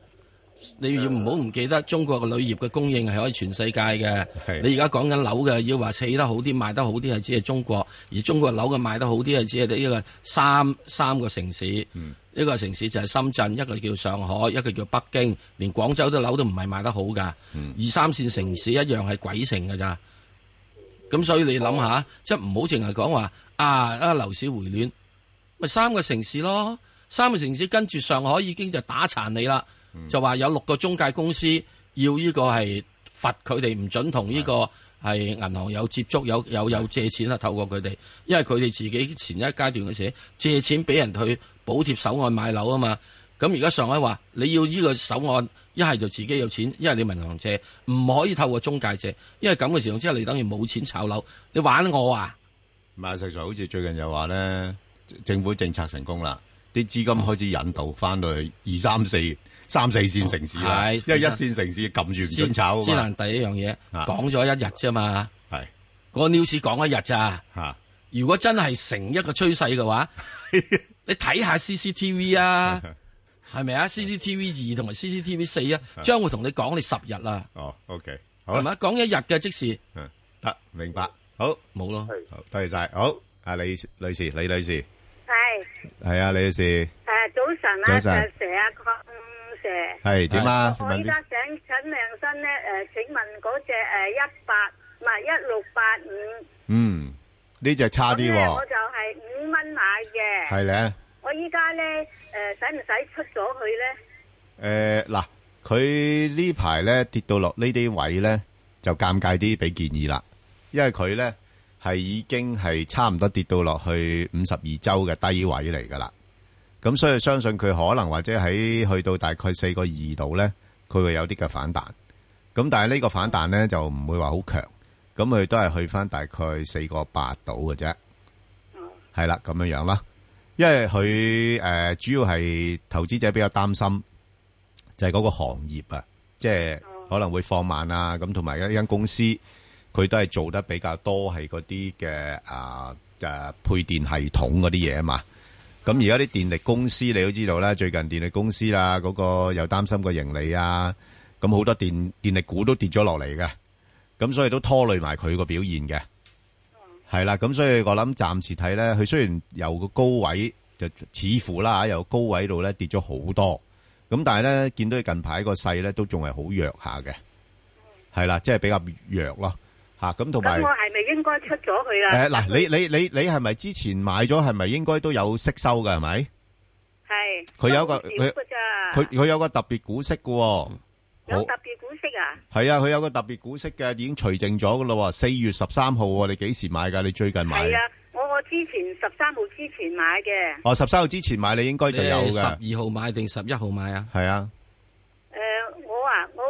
你要唔好唔記得中國嘅樓業嘅供應係可以全世界嘅。Yes. 你而家講緊樓嘅，要話起得好啲、賣得好啲係只係中國，而中國樓嘅賣得好啲係只係呢個三三個城市。嗯、一個城市就係深圳，一個叫上海，一個叫北京，連廣州嘅樓都唔係賣得好㗎。二、嗯、三線城市一樣係鬼城㗎咋。咁所以你諗下，哦、即係唔好淨係講話啊！啊樓市回暖，咪三個城市咯。三個城市跟住上海已經就打殘你啦。就話有六個中介公司要呢個係罰佢哋，唔准同呢個係銀行有接觸，有有有借錢啦。透過佢哋，因為佢哋自己前一階段嘅事借錢俾人去補貼手案買樓啊嘛。咁而家上海話你要呢個手案，一係就自己有錢，一係你銀行借，唔可以透過中介借，因為咁嘅時候之後你等於冇錢炒樓，你玩我啊？馬世才好似最近又話咧，政府政策成功啦，啲資金開始引導翻到去二三四。三四線城市啦，因為一線城市撳住唔准炒。先能第一樣嘢講咗一日啫嘛。係個 news 講一日咋？如果真係成一個趨勢嘅話，你睇下 CCTV 啊，係咪啊？CCTV 二同埋 CCTV 四啊，將會同你講你十日啦。哦，OK，好，係咪。講一日嘅即時得明白好冇咯。好，多謝晒好啊，李女士，李女士係係啊，李女士誒，早晨啊，謝阿哥。係點啊？的我依家想請名生咧，誒請，請問嗰隻誒一八唔係一六八五？呃呃、嗯，隻呢隻差啲喎。我就係五蚊買嘅。係咧的，我依家咧誒，使唔使出咗去咧？誒、呃，嗱，佢呢排咧跌到落呢啲位咧，就尷尬啲俾建議啦，因為佢咧係已經係差唔多跌到落去五十二周嘅低位嚟噶啦。咁所以相信佢可能或者喺去到大概四個二度咧，佢會有啲嘅反彈。咁但係呢個反彈咧就唔會話好強。咁佢都係去翻大概四個八度嘅啫。係啦，咁樣樣啦。因為佢誒、呃、主要係投資者比較擔心，就係嗰個行業啊，即係可能會放慢啊。咁同埋呢間公司，佢都係做得比較多係嗰啲嘅啊誒配電系統嗰啲嘢啊嘛。咁而家啲電力公司你都知道啦，最近電力公司啊嗰個又擔心個盈利啊，咁好多電電力股都跌咗落嚟嘅，咁所以都拖累埋佢個表現嘅，係啦、嗯，咁所以我諗暫時睇咧，佢雖然由個高位就似乎啦，由高位度咧跌咗好多，咁但係咧見到佢近排個勢咧都仲係好弱下嘅，係啦，即係比較弱咯，嚇咁同埋。應該出咗佢啦。誒，嗱，你你你你係咪之前買咗，係咪應該都有息收噶？係咪？係。佢有個佢佢有個特別股息嘅，有特別股息啊？係啊，佢有個特別股息嘅，已經除淨咗噶啦。四月十三號，你幾時買噶？你最近買？係啊，我我之前十三號之前買嘅。哦，十三號之前買，你應該就有噶。十二號買定十一號買啊？係啊。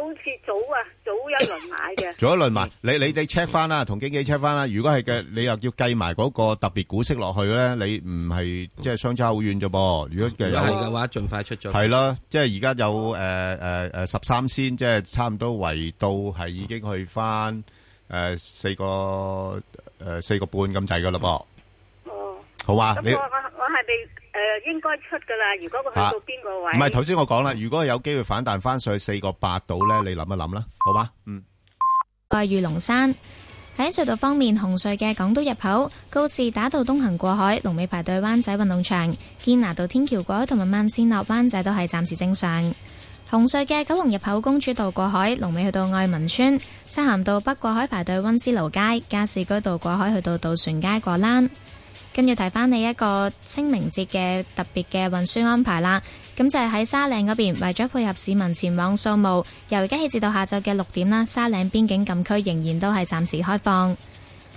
好似早啊，早一輪買嘅。早一輪買，你你你 check 翻啦，同經紀 check 翻啦。如果係嘅，你又要計埋嗰個特別股息落去咧，你唔係即係相差好遠啫噃。如果係嘅話，盡快出咗。係咯，即係而家有誒誒誒十三仙，即係差唔多圍到係已經去翻誒四個誒四個半咁滯噶啦噃。哦，好嘛，你。誒、呃，應該出噶啦。如果佢去到邊個位？唔係、啊，頭先我講啦，如果有機會反彈翻上去四個八度呢，你諗一諗啦，好吧。嗯。愛如龍山喺隧道方面，紅隧嘅港島入口、告士打道東行過海、龍尾排隊灣仔運動場、堅拿道天橋過海同埋萬仙路灣仔都係暫時正常。紅隧嘅九龍入口、公主道過海、龍尾去到愛民村、漆咸道北過海排隊溫思勞街、加士居道過海去到渡船街過欄。跟住提翻你一個清明節嘅特別嘅運輸安排啦，咁就係喺沙嶺嗰邊，為咗配合市民前往掃墓，由而家起至到下晝嘅六點啦，沙嶺邊境禁區仍然都係暫時開放。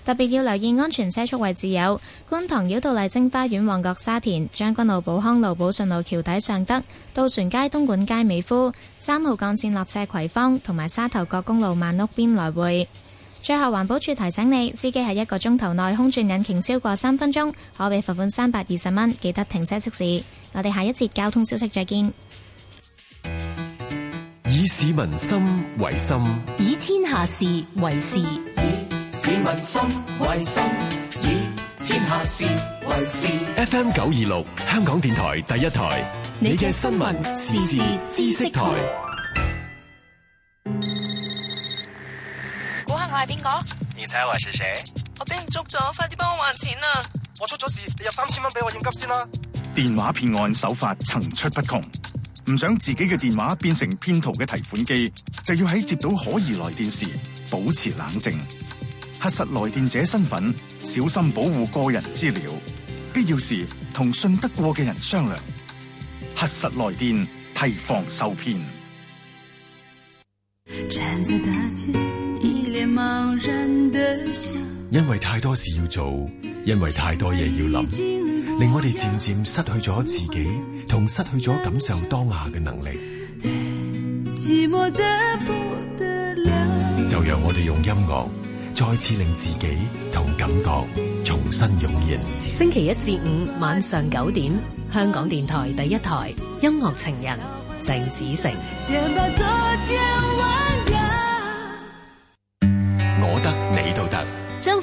特別要留意安全車速位置有：觀塘繞道麗晶花園、旺角沙田、將軍澳寶康路、寶順路、橋底、尚德、渡船街、東莞街美、美孚、三號幹線落斜葵芳，同埋沙頭角公路萬屋邊來回。最後，環保署提醒你，司機喺一個鐘頭內空轉引擎超過三分鐘，可被罰款三百二十蚊。記得停車熄匙。我哋下一節交通消息再見。以市民心為心，以天下事為事。以市民心為心，以天下事為事。F M 九二六，香港電台第一台，你嘅新聞時事知識台。係邊個？而且話蛇蛇，我俾人捉咗，快啲幫我還錢啊！我出咗事，你入三千蚊俾我應急先啦、啊。電話騙案手法層出不窮，唔想自己嘅電話變成騙徒嘅提款機，就要喺接到可疑來電時保持冷靜，核實來電者身份，小心保護個人資料，必要時同信得過嘅人商量，核實來電，提防受騙。因為太多事要做，因為太多嘢要諗，令我哋漸漸失去咗自己，同失去咗感受當下嘅能力。就讓我哋用音樂再次令自己同感覺重新湧現。星期一至五晚上九點，香港電台第一台音樂情人鄭子誠。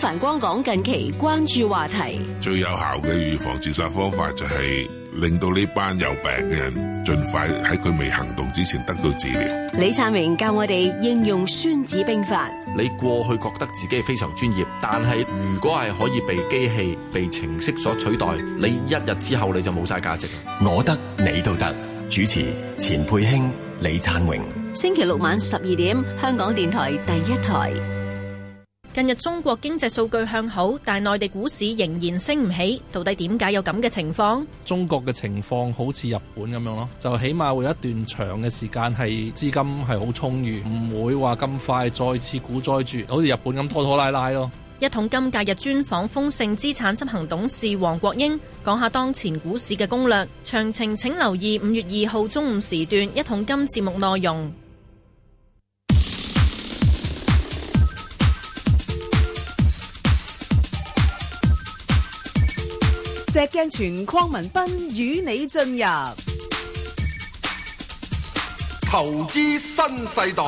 陳光港近期關注話題，最有效嘅預防自殺方法就係令到呢班有病嘅人盡快喺佢未行動之前得到治療。李燦榮教我哋應用孫子兵法。你過去覺得自己係非常專業，但係如果係可以被機器、被程式、所取代，你一日之後你就冇晒價值。我得你都得。主持：錢佩卿、李燦榮。星期六晚十二點，香港電台第一台。近日中國經濟數據向好，但係內地股市仍然升唔起，到底點解有咁嘅情況？中國嘅情況好似日本咁樣咯，就起碼會一段長嘅時間係資金係好充裕，唔會話咁快再次股災住，好似日本咁拖拖拉拉咯。一桶金假日專訪豐盛資產執行董事黃國英，講下當前股市嘅攻略。詳情請留意五月二號中午時段一桶金節目內容。石鏡泉、鄺民彬與你進入投資新世代。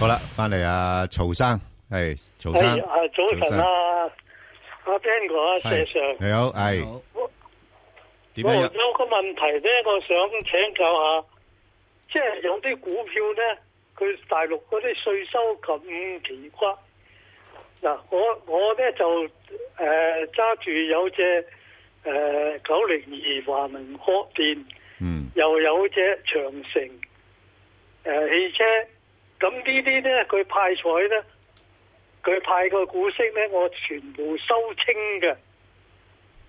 好啦，翻嚟啊，曹生係曹生，係早晨啊，阿 Ben 石 Sir 你好，係。好嗯、我有個問題咧，我想請教下，即係有啲股票咧，佢大陸嗰啲稅收咁奇怪。嗱，我我咧就誒揸住有隻誒九零二華能國電，嗯，又有隻長城誒、呃、汽車。咁呢啲咧，佢派彩咧，佢派個股息咧，我全部收清嘅。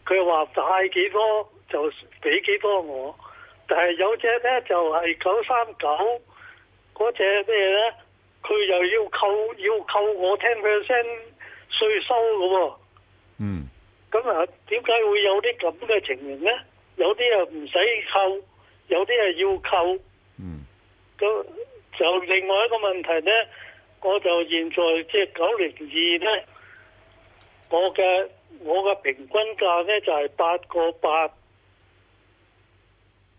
佢話派幾多？就俾幾多我？但係有隻咧就係九三九嗰隻咩咧？佢又要扣要扣我聽佢嘅聲稅收嘅喎、哦。嗯。咁啊，點解會有啲咁嘅情形咧？有啲又唔使扣，有啲係要扣。嗯。咁就另外一個問題咧，我就現在即係九零二咧，我嘅我嘅平均價咧就係八個八。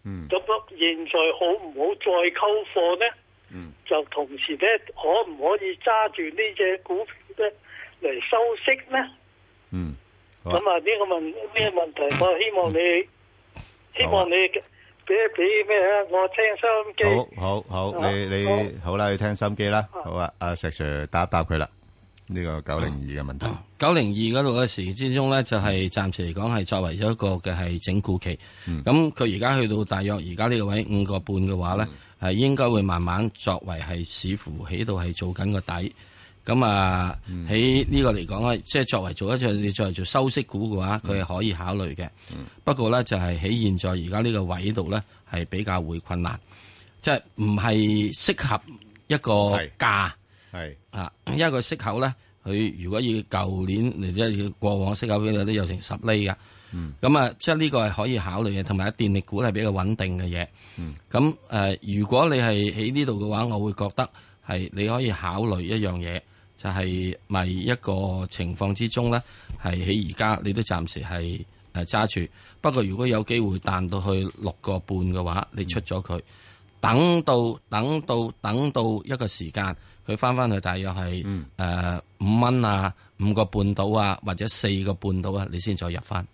嗯，咁啊，現在好唔好再溝貨呢？嗯，就同時咧，可唔可以揸住呢隻股票咧嚟收息呢？嗯，咁啊，呢個問呢個問題，這個、問題我希望你、啊、希望你俾俾咩啊？我聽心機好。好，好好吧，你你好啦，你聽心機啦，好啊，阿、啊啊、石 Sir 答答佢啦。呢個九零二嘅問題，九零二嗰度嘅時之中咧，就係、是、暫時嚟講係作為咗一個嘅係整固期。咁佢而家去到大約而家呢個位五個半嘅話咧，係、嗯、應該會慢慢作為係似乎喺度係做緊個底。咁啊喺、嗯、呢個嚟講咧，即係、嗯嗯、作為做一隻你作為做收息股嘅話，佢係、嗯、可以考慮嘅。嗯、不過咧就係、是、喺現在而家呢個位度咧，係比較會困難，即係唔係適合一個價。是係是啊，因為個息口咧，佢如果要舊年你即係過往息口都有啲有成十厘噶，咁、嗯、啊，即係呢個係可以考慮嘅，同埋電力股係比較穩定嘅嘢。咁誒、嗯啊，如果你係喺呢度嘅話，我會覺得係你可以考慮一樣嘢，就係、是、咪一個情況之中咧，係喺而家你都暫時係誒揸住。不過如果有機會彈到去六個半嘅話，你出咗佢、嗯，等到等到等到一個時間。佢翻翻去，大約係誒五蚊啊，五個半到啊，或者四個半到啊，你先再入翻、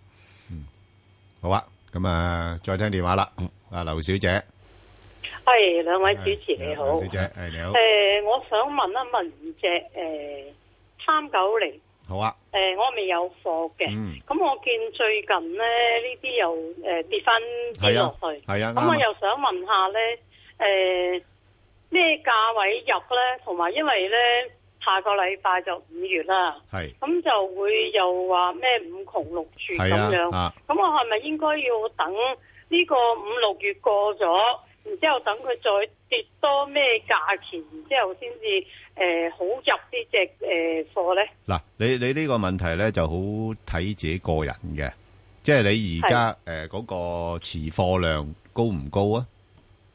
嗯。好啊，咁、嗯、啊，再聽電話啦。啊，劉小姐，係兩位主持是你好，小姐係你好。誒、呃，我想問，問一問隻誒三九零，呃、90，好啊。誒、呃，我未有貨嘅，咁、嗯、我見最近咧呢啲又誒、呃、跌翻跌落去，係啊。咁、啊啊、我又想問下咧，誒、呃。呃咩價位入咧？同埋因為咧下個禮拜就五月啦，咁是就會又話咩五窮六絕咁樣。咁、啊啊、我係咪應該要等呢個五六月過咗，然之後等佢再跌多咩價錢，然之後先至誒好入隻、呃、貨呢隻誒貨咧？嗱，你你呢個問題咧就好睇自己個人嘅，即係你而家誒嗰個持貨量高唔高啊？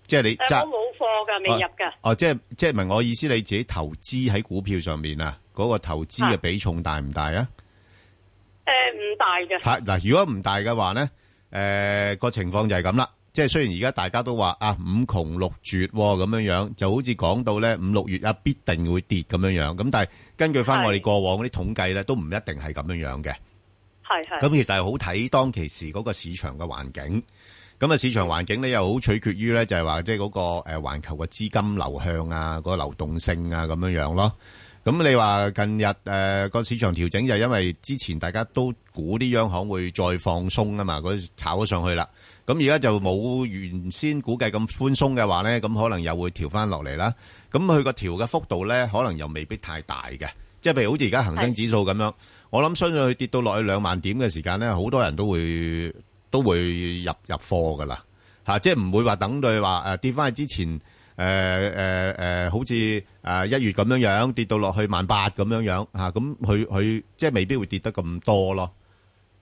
即係你揸。呃貨噶未入噶。哦、啊啊，即係即係明我意思，你自己投資喺股票上面啊？嗰個投資嘅比重大唔大啊？誒，唔大嘅。係嗱，如果唔大嘅話咧，誒個情況就係咁啦。即係雖然而家大家都話啊五窮六絕咁樣樣，就好似講到咧五六月啊必定會跌咁樣樣。咁但係根據翻我哋過往嗰啲統計咧，都唔一定係咁樣樣嘅。係係。咁其實係好睇當其時嗰個市場嘅環境。咁啊，市場環境呢，又好取決於呢，就係話即係嗰個誒環球嘅資金流向啊，嗰、嗰個流動性啊咁樣樣咯。咁你話近日誒個、呃、市場調整就因為之前大家都估啲央，央行會再放鬆啊嘛，佢炒咗上去啦。咁而家就冇原先估計咁寬鬆嘅話呢，咁可能又會調翻落嚟啦。咁佢個調嘅幅度呢，可能又未必太大嘅。即係譬如好似而家恆生指數咁樣，是我諗相信佢跌到落去兩萬點嘅時間呢，好多人都會都會入入貨噶啦，嚇，即係唔會話等佢話誒跌翻去之前誒誒誒，好似誒一月咁樣樣跌到落去萬八咁樣樣嚇，咁佢佢即係未必會跌得咁多咯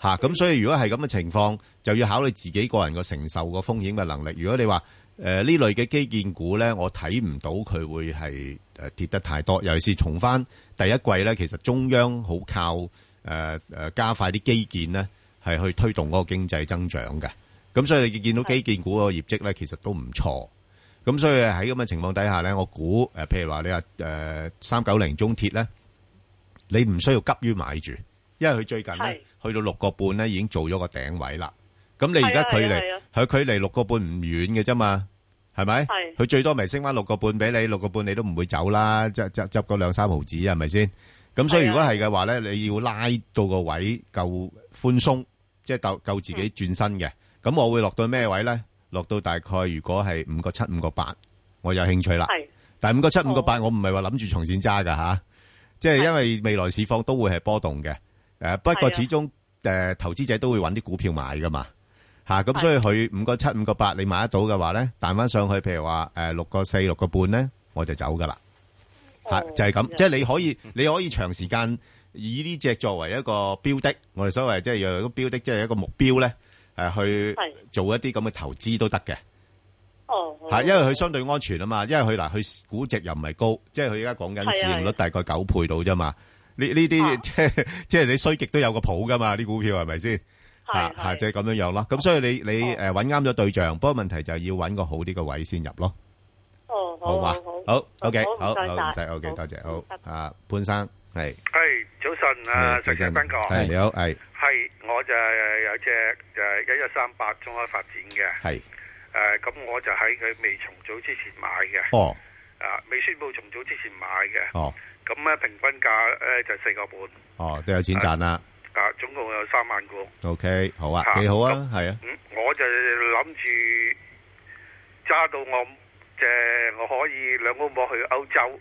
嚇。咁所以如果係咁嘅情況，就要考慮自己個人個承受個風險嘅能力。如果你話誒呢類嘅基建股咧，我睇唔到佢會係誒跌得太多，尤其是重翻第一季咧，其實中央好靠誒誒加快啲基建咧。係去推動嗰個經濟增長嘅，咁所以你見到基建股個業績咧，其實都唔錯。咁所以喺咁嘅情況底下咧，我估誒，譬如話你話誒三九零中鐵咧，你唔需要急於買住，因為佢最近咧去到六個半咧已經做咗個頂位啦。咁你而家距離佢距離六個半唔遠嘅啫嘛，係咪？佢最多咪升翻六個半俾你，六個半你都唔會走啦，即係即係執個兩三毫子係咪先？咁所以如果係嘅話咧，你要拉到個位夠寬鬆。即係夠夠自己轉身嘅。咁我會落到咩位咧？落到大概如果係五個七五個八，我有興趣啦。係是，但五個七五個八，哦，我唔係話諗住從線揸噶吓，即係因為未來市況都會係波動嘅。誒，不過始終誒、啊呃，投資者都會揾啲股票買噶嘛。吓、啊，咁所以佢五個七五個八，你買得到嘅話咧，彈翻上去，譬如話誒六個四六個半咧，我就走噶啦。吓、啊，就係、是、咁，哦，即係你可以，嗯、你可以長時間。以呢隻作為一個標的，我哋所謂即係有一個標的，即係一個目標咧，誒去做一啲咁嘅投資都得嘅。哦，吓，因為佢相對安全啊嘛，因為佢嗱，佢估值又唔係高，即係佢而家講緊市盈率大概九倍到啫嘛。呢呢啲即係即係你衰極都有個譜噶嘛，啲股票係咪先？係係即係咁樣樣咯。咁所以你你誒揾啱咗對象，不過問題就係要揾個好啲嘅位先入咯。哦，好嘛，好，OK，好，唔該晒，OK，多謝，好啊，潘生。係，係早晨啊，石生彬哥，係你好，係，係我就係有隻誒一一三八中海發展嘅，係，誒咁我就喺佢未重組之前買嘅，哦，啊未宣布重組之前買嘅，哦，咁咧平均價咧就四個半，哦都有錢賺啦，啊總共有三萬股，OK 好啊，幾好啊，係啊，嗯我就諗住揸到我即係我可以兩公婆去歐洲。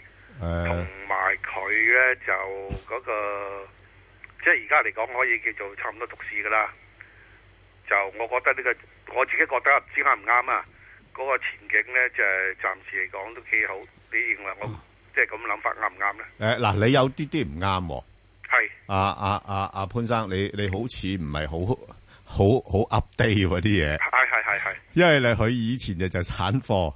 同埋佢咧就嗰個，即係而家嚟講可以叫做差唔多獨市噶啦。就我覺得呢個，我自己覺得唔知啱唔啱啊？嗰個前景咧，就暫時嚟講都幾好。你認為我即係咁諗法啱唔啱咧？誒，嗱，你有啲啲唔啱。係。阿阿阿阿潘生，你你好似唔係好好好 update 嗰啲嘢。係係係係。啊、因為你佢以前就就產貨。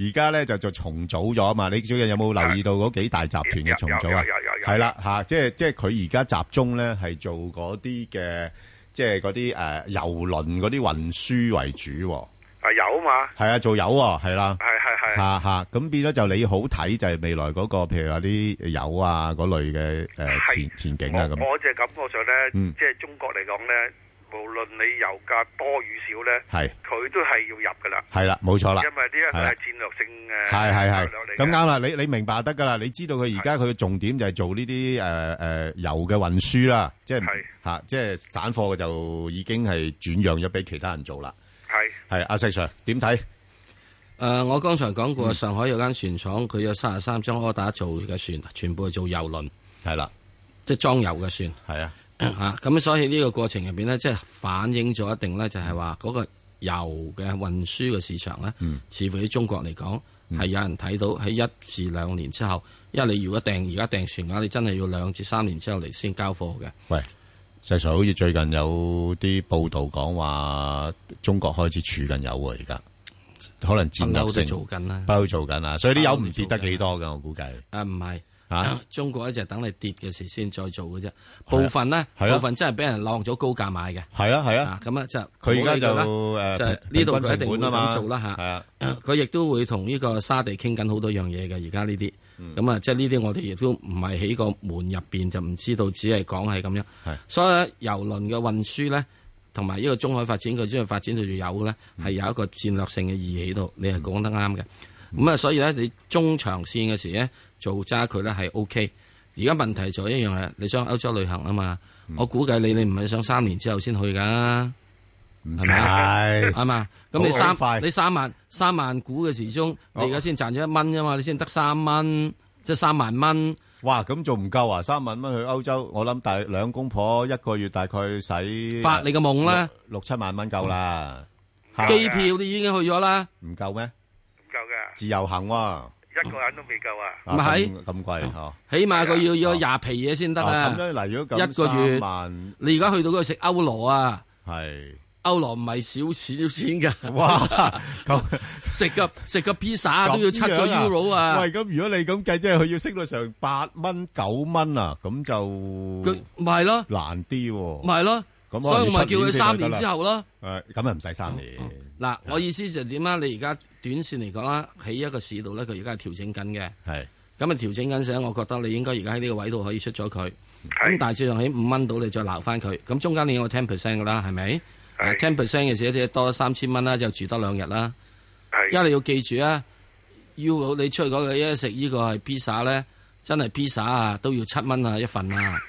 而家咧就就重組咗啊嘛！你最近有冇留意到嗰幾大集團嘅重組啊？係啦，嚇，即係即係佢而家集中咧係做嗰啲嘅，即係嗰啲誒油輪嗰啲運輸為主。啊有啊嘛！係啊，做油、那個、油啊，係啦。係係係嚇嚇。咁變咗就你好睇就係未來嗰個譬如話啲油啊嗰類嘅誒前前景啊咁。我我就感覺上咧，即係中國嚟講咧。無論你油價多與少咧，係佢是都係要入噶啦，係啦，冇錯啦。因為呢一個係戰略性嘅。係係係，咁啱啦。你你明白得噶啦，你知道佢而家佢嘅重點就係做呢啲誒誒油嘅運輸啦，即係吓，即係散貨嘅就已經係轉讓咗俾其他人做啦。係係的阿石 Sir 點睇？誒、呃，我剛才講過，上海有間船廠，佢有三十三張柯打做嘅船，全部係做油輪，係啦的，即係裝油嘅船，係啊。嗯嗯、啊！咁所以呢個過程入邊咧，即係反映咗一定咧，就係話嗰個油嘅運輸嘅市場咧，嗯、似乎喺中國嚟講係有人睇到喺一至兩年之後，因為你如果訂而家訂船嘅話，你真係要兩至三年之後嚟先交貨嘅。喂，細嫂，好似最近有啲報道講話中國開始儲緊油喎、啊，而家可能戰略性包做緊啦，啦，所以啲油唔跌得幾多嘅，我估計。啊，唔係。中國咧就等你跌嘅時先再做嘅啫。部分呢，部分真係俾人晾咗高價買嘅。係啊，係啊。咁啊，就佢而家就誒，呢度唔使定咁做啦嚇。係啊，佢亦都會同呢個沙地傾緊好多樣嘢嘅。而家呢啲咁啊，即係呢啲我哋亦都唔係喺個門入邊就唔知道，只係講係咁樣。所以郵輪嘅運輸呢，同埋呢個中海發展佢中海發展裏邊有呢，係有一個戰略性嘅意義喺度。你係講得啱嘅。咁啊，所以呢，你中長線嘅時呢。做揸佢咧係 OK，而家問題就一樣係，你想歐洲旅行啊嘛？我估計你你唔係想三年之後先去噶，係咪？係嘛？咁你三你三萬三萬股嘅時鐘，你現在現在賺而家先賺咗一蚊啫嘛？你先得三蚊，即係三萬蚊。哇！咁仲唔夠啊？三萬蚊去歐洲，我諗大兩公婆一個月大概使發你個夢啦，六七、啊、萬蚊夠啦。機、嗯、票你已經去咗啦，唔夠咩？唔夠嘅，自由行、啊。一個人都未夠啊！唔係咁貴嗬，起碼佢要要廿皮嘢先得啊！咁樣嗱，如果一個月萬，你而家去到嗰度食歐羅啊，係歐羅唔係少少錢噶，哇！食個食個披薩都要七個 Euro 啊！喂，咁，如果你咁計，即係佢要升到成八蚊九蚊啊，咁就唔係咯，難啲，唔係咯，所以我咪叫佢三年之後咯。誒，咁又唔使三年。嗱，我意思就點啊？你而家短線嚟講啦，喺一個市度咧，佢而家係調整緊嘅。係是。咁啊調整緊時，我覺得你應該而家喺呢個位度可以出咗佢。咁是大致上喺五蚊度，你再撈返佢。咁中間你有 ten percent 噶啦，係咪？係是。ten percent 嘅時，即係多三千蚊啦，就住得兩日啦。係是。因為你要記住啊，Euro 你出去嗰個一食呢個係 pizza 咧，真係 pizza 啊，都要七蚊啊一份啊，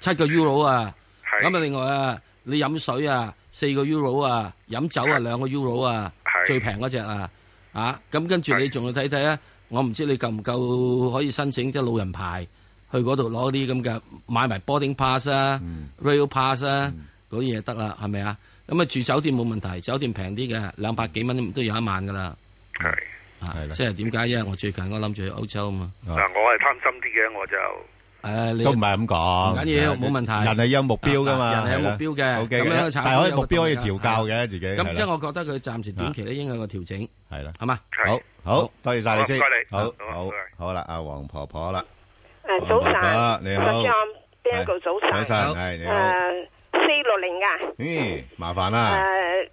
七 個 Euro 啊。咁啊是，另外啊，你飲水啊。四個 Euro 啊，飲酒啊兩個 Euro 啊，的最平嗰隻啊，啊咁跟住你仲要睇睇啊，的我唔知你夠唔夠可以申請即係老人牌去嗰度攞啲咁嘅買埋 boarding pass 啊、嗯、，rail pass 啊嗰啲嘢得啦，係咪、嗯、啊？咁啊住酒店冇問題，酒店平啲嘅兩百幾蚊都有一晚噶啦。係係啦，即係點解因為？我最近我諗住去歐洲啊嘛。但的我係貪心啲嘅我就。誒，佢都唔係咁講，唔緊要，冇問題。人係有目標噶嘛，人係有目標嘅。咁樣，但係可以目標可以調校嘅自己。咁即係我覺得佢暫時短期都應該有個調整。係啦，好嘛，好好，多謝晒你先，好好好啦，阿黃婆婆啦。誒，早晨，你好，阿 Ben，早晨，係你好，誒，四六零啊。咦，麻煩啦。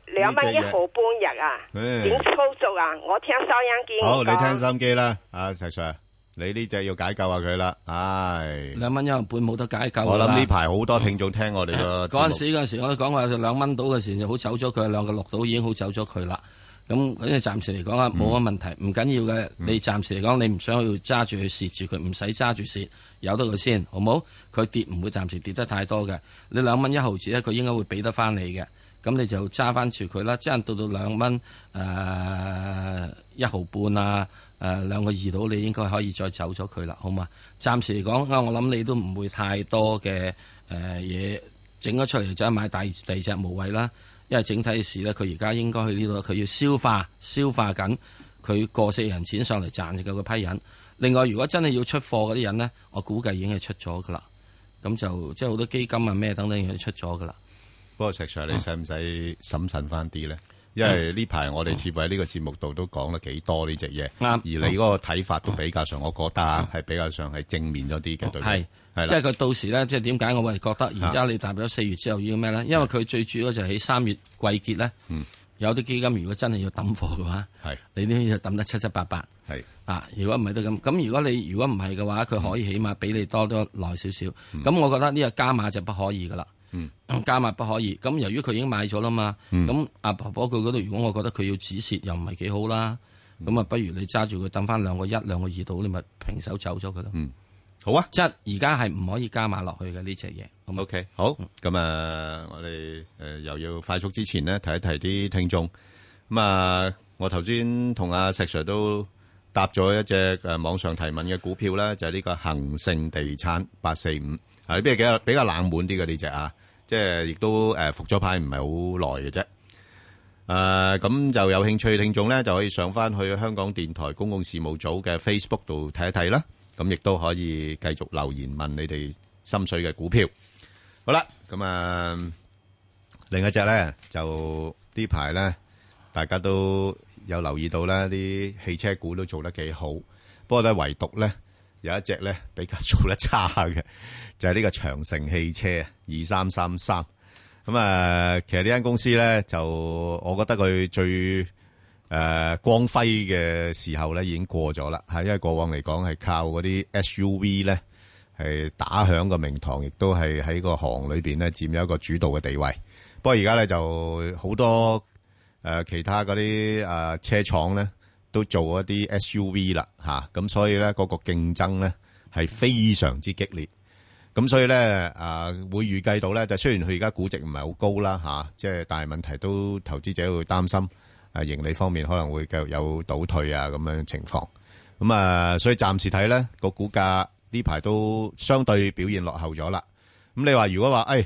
誒，兩蚊一毫半日啊，點操作啊？我聽收音機。好，你聽收音機啦，阿石 Sir。你呢只要解救下佢啦，唉，兩蚊一毫半冇得解救。我諗呢排好多聽眾聽我哋個。嗰陣、嗯啊、時陣時,我都講時，我講話兩蚊到嘅時就好走咗佢，兩個六到已經好走咗佢啦。咁嗰啲暫時嚟講啊，冇乜問題，唔緊、嗯、要嘅。你暫時嚟講，你唔想要揸住去蝕住佢，唔使揸住蝕，由得佢先，好冇？佢跌唔會暫時跌得太多嘅。你兩蚊一毫子咧，佢應該會俾得翻你嘅。咁你就揸翻住佢啦。即係到到兩蚊誒一毫半啊。誒、呃、兩個二到，你應該可以再走咗佢啦，好嘛？暫時嚟講、啊，我諗你都唔會太多嘅誒嘢整咗出嚟，就係買第二隻無謂啦。因為整體市咧，佢而家應該去呢度，佢要消化消化緊，佢過四人錢上嚟賺佢嗰批人。另外，如果真係要出貨嗰啲人咧，我估計已經係出咗噶啦。咁就即係好多基金啊咩等等已經出咗噶啦。不過石 Sir，啊、你使唔使審慎翻啲咧？因為呢排我哋似乎喺呢個節目度都講得幾多呢隻嘢，啱。而你嗰個睇法，都比較上，我覺得啊係比較上係正面咗啲嘅，對。係，係即係佢到時咧，即係點解我會覺得？而家你踏入咗四月之後要咩咧？因為佢最主要就喺三月季結咧，有啲基金如果真係要抌貨嘅話，係，你呢啲就抌得七七八八，係。啊，如果唔係都咁，咁如果你如果唔係嘅話，佢可以起碼俾你多咗耐少少。咁我覺得呢個加碼就不可以噶啦。嗯，加碼不可以。咁由於佢已經買咗啦嘛，咁阿婆婆佢嗰度，如果我覺得佢要止蝕又，又唔係幾好啦。咁啊，不如你揸住佢等翻兩個一、兩個二度，你咪平手走咗佢咯。嗯，好啊。即係而家係唔可以加碼落去嘅呢隻嘢。這個、o、okay, K，好。咁啊、嗯，我哋誒又要快速之前咧，提一提啲聽眾。咁啊，我頭先同阿石 Sir 都答咗一隻誒網上提問嘅股票啦，就係、是、呢個恒盛地產八四五。啊，呢啲係比較比較冷門啲嘅呢隻啊。即係亦都誒復咗牌唔係好耐嘅啫，誒咁就有興趣嘅聽眾咧，就可以上翻去香港電台公共事務組嘅 Facebook 度睇一睇啦。咁亦都可以繼續留言問你哋心水嘅股票。好啦，咁啊另一隻咧就呢排咧，大家都有留意到啦，啲汽車股都做得幾好，不過咧，唯獨咧。有一隻咧比較做得差嘅，就係、是、呢個長城汽車二三三三。咁啊、嗯，其實呢間公司咧，就我覺得佢最誒、呃、光輝嘅時候咧，已經過咗啦。嚇，因為過往嚟講係靠嗰啲 SUV 咧，係打響個名堂，亦都係喺個行裏邊咧佔有一個主導嘅地位。不過而家咧就好多誒、呃、其他嗰啲啊車廠咧。都做一啲 SUV 啦，嚇，咁所以咧嗰個競爭咧係非常之激烈，咁所以咧啊會預計到咧，就雖然佢而家估值唔係好高啦，嚇，即係但係問題都投資者會擔心啊盈利方面可能會繼續有倒退啊咁樣情況，咁啊所以暫時睇咧個股價呢排都相對表現落後咗啦。咁你話如果話誒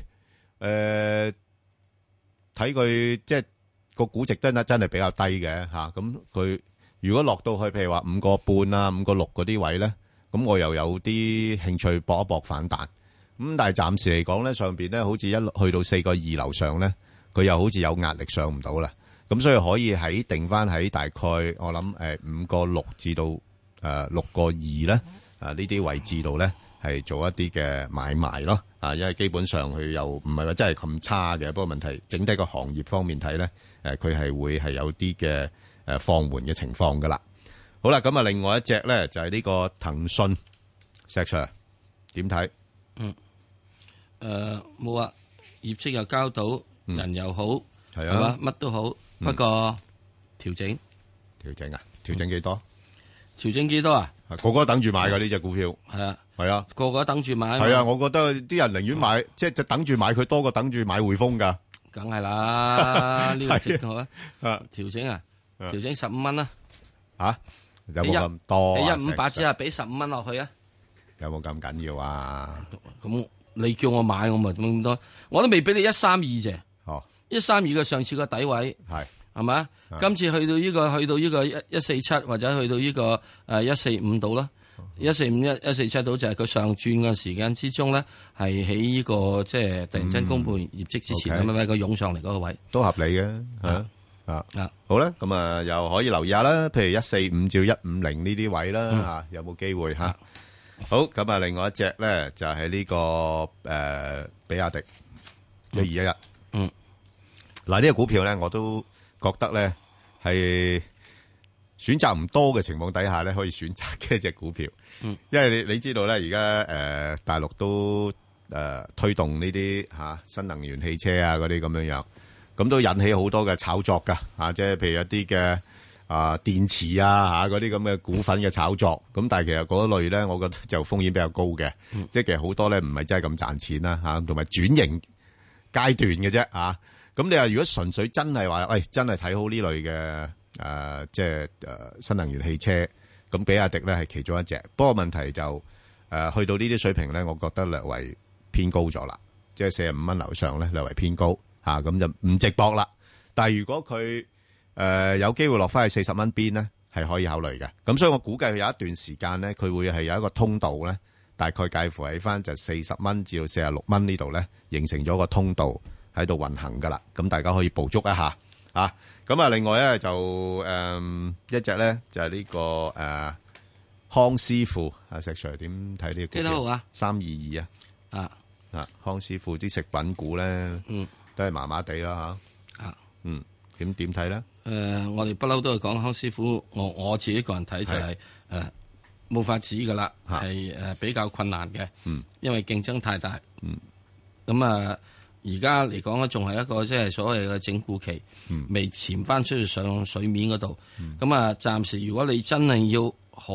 誒睇佢即係個估值真真真係比較低嘅吓，咁佢。如果落到去，譬如話五個半啊、五個六嗰啲位咧，咁我又有啲興趣搏一搏反彈。咁但係暫時嚟講咧，上邊咧好似一去到四個二樓上咧，佢又好似有壓力上唔到啦。咁所以可以喺定返喺大概我諗誒五個六至到誒六個二咧啊呢啲位置度咧係做一啲嘅買賣咯。啊，因為基本上佢又唔係話真係咁差嘅，不過問題整體個行業方面睇咧，誒佢係會係有啲嘅。誒，放緩嘅情況噶啦。好啦，咁啊，另外一隻咧就係呢個騰訊，石 Sir 點睇？嗯，誒，冇啊，業績又交到，人又好，係啊，乜都好。不過調整，調整啊，調整幾多？調整幾多啊？個個都等住買噶呢隻股票。係啊，係啊，個個都等住買。係啊，我覺得啲人寧願買，即係就等住買佢多過等住買匯豐噶。梗係啦，呢個情況啊，調整啊。調整十五蚊啦，吓有冇咁多？俾一五百之下俾十五蚊落去啊！有冇咁緊要啊？咁你叫我買，咁咪咁多。我都未俾你一三二啫。哦、啊，一三二嘅上次個底位係係嘛？今次去到呢、這個去到呢個一四七或者去到、這個 uh, 一四五, 14呢、這個誒一四五度啦。一四五一一四七度就係佢上轉嘅時間之中咧，係喺呢個即係突然間公布業績之前咁樣佢湧上嚟嗰個位，都合理嘅吓。啊啊好啦，咁啊又可以留意下啦，譬如一四五至一五零呢啲位啦吓，嗯、有冇機會吓？嗯、好，咁啊，另外一隻咧就係、是、呢、這個誒、呃、比亞迪一二一一嗯，嗱呢個股票咧我都覺得咧係選擇唔多嘅情況底下咧可以選擇嘅一隻股票，嗯、因為你你知道咧而家誒大陸都誒、呃、推動呢啲吓新能源汽車啊嗰啲咁樣樣。咁都引起好多嘅炒作噶，啊，即係譬如一啲嘅啊電池啊，吓嗰啲咁嘅股份嘅炒作。咁但係其實嗰類咧，我覺得就風險比較高嘅、嗯啊啊哎呃，即係其實好多咧唔係真係咁賺錢啦，吓，同埋轉型階段嘅啫，吓。咁你話如果純粹真係話，誒，真係睇好呢類嘅誒，即係誒，新能源汽車，咁比亞迪咧係其中一隻。不過問題就誒、呃，去到呢啲水平咧，我覺得略為偏高咗啦，即係四十五蚊樓上咧，略為偏高。吓咁、啊、就唔直播啦。但係如果佢誒、呃、有機會落翻去四十蚊邊咧，係可以考慮嘅。咁所以我估計佢有一段時間咧，佢會係有一個通道咧，大概介乎喺翻就四十蚊至到四十六蚊呢度咧，形成咗個通道喺度運行噶啦。咁大家可以捕捉一下啊。咁啊，另外咧就誒、呃、一隻咧就係呢個誒康師傅啊，石 Sir 點睇呢個？幾多號啊？三二二啊啊啊！康師傅啲、啊、食品股咧，嗯。都係麻麻地啦吓，啊，嗯，咁點睇咧？誒、呃，我哋不嬲都係講康師傅，我我自己個人睇就係誒冇法子噶啦，係誒比較困難嘅，嗯、啊，因為競爭太大，嗯，咁啊、嗯，而家嚟講咧，仲係、嗯、一個即係所謂嘅整固期，未潛翻出去上水面嗰度，咁啊，暫時如果你真係要好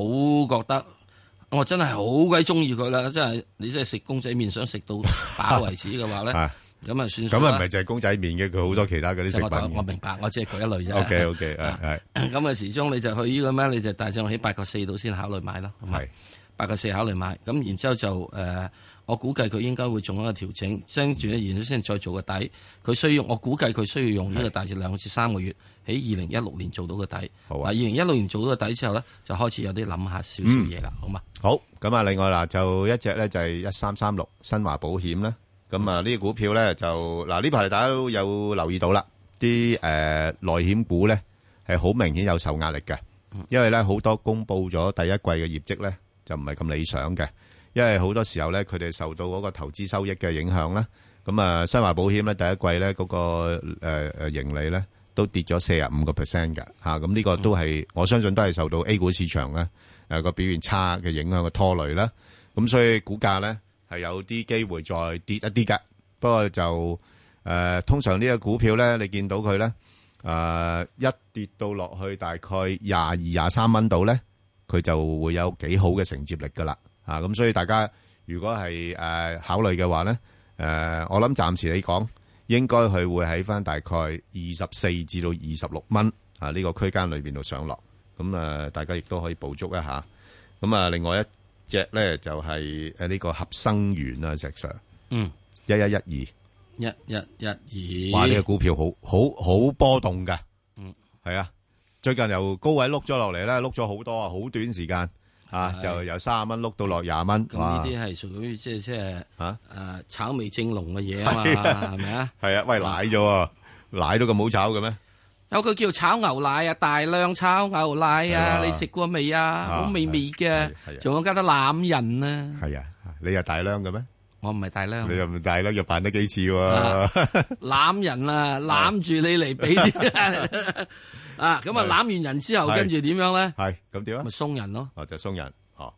覺得，我真係好鬼中意佢啦，真係你真係食公仔麵想食到飽為止嘅話咧。 咁啊，算數啦！咁啊，唔係就係公仔麵嘅，佢好多其他嗰啲食品、嗯就是、我，我明白，我只係佢一類啫。OK，OK，係係。咁、嗯、啊，時鐘你就去呢個咩？你就帶上喺八個四度先考慮買啦。係八個四考慮買，咁然之後就誒，我估計佢應該會做一個調整，跟住咧，然之先再做個底。佢需要用，我估計佢需要用呢個大致兩至三個月，喺二零一六年做到個底。啊。二零一六年做到個底之後咧，就開始有啲諗下少少嘢啦。好嘛。好，咁、嗯、啊、嗯，另外嗱，就一隻咧就係一三三六新華保險啦。咁啊，呢個股票咧就嗱，呢排大家都有留意到啦，啲誒內險股咧係好明顯有受壓力嘅，因為咧好多公布咗第一季嘅業績咧就唔係咁理想嘅，因為好多時候咧佢哋受到嗰個投資收益嘅影響啦。咁啊，新華保險咧第一季咧嗰個誒誒盈利咧都跌咗四十五個 percent 嘅嚇，咁呢個都係我相信都係受到 A 股市場咧誒個表現差嘅影響嘅拖累啦。咁所以股價咧。係有啲機會再跌一啲嘅，不過就誒、呃，通常呢個股票咧，你見到佢咧，誒、呃、一跌到落去大概廿二廿三蚊度咧，佢就會有幾好嘅承接力噶啦，啊咁所以大家如果係誒、呃、考慮嘅話咧，誒、呃、我諗暫時嚟講，應該佢會喺翻大概二十四至到二十六蚊啊呢個區間裏邊度上落，咁啊大家亦都可以捕捉一下，咁啊另外一。隻咧就係誒呢個合生元啊石上，嗯，一一一二，一一一二，話呢個股票好好好波動嘅，嗯，係啊，最近由高位碌咗落嚟咧，碌咗好多啊，好短時間啊，就由卅蚊碌到落廿蚊，話呢啲係屬於即係即係啊誒炒味正濃嘅嘢啊嘛，係咪啊？係啊，餵奶咗喎，奶都咁好炒嘅咩？有個叫炒牛奶啊，大量炒牛奶啊，你食過未啊？好美味嘅，仲有加得攬人啊！係啊，你係大量嘅咩？我唔係大量，你又唔係大量，又扮咗幾次喎？攬人啊，攬住你嚟俾啲啊！咁啊，攬完人之後，跟住點樣咧？係咁點啊？咪鬆人咯？哦，就鬆人哦。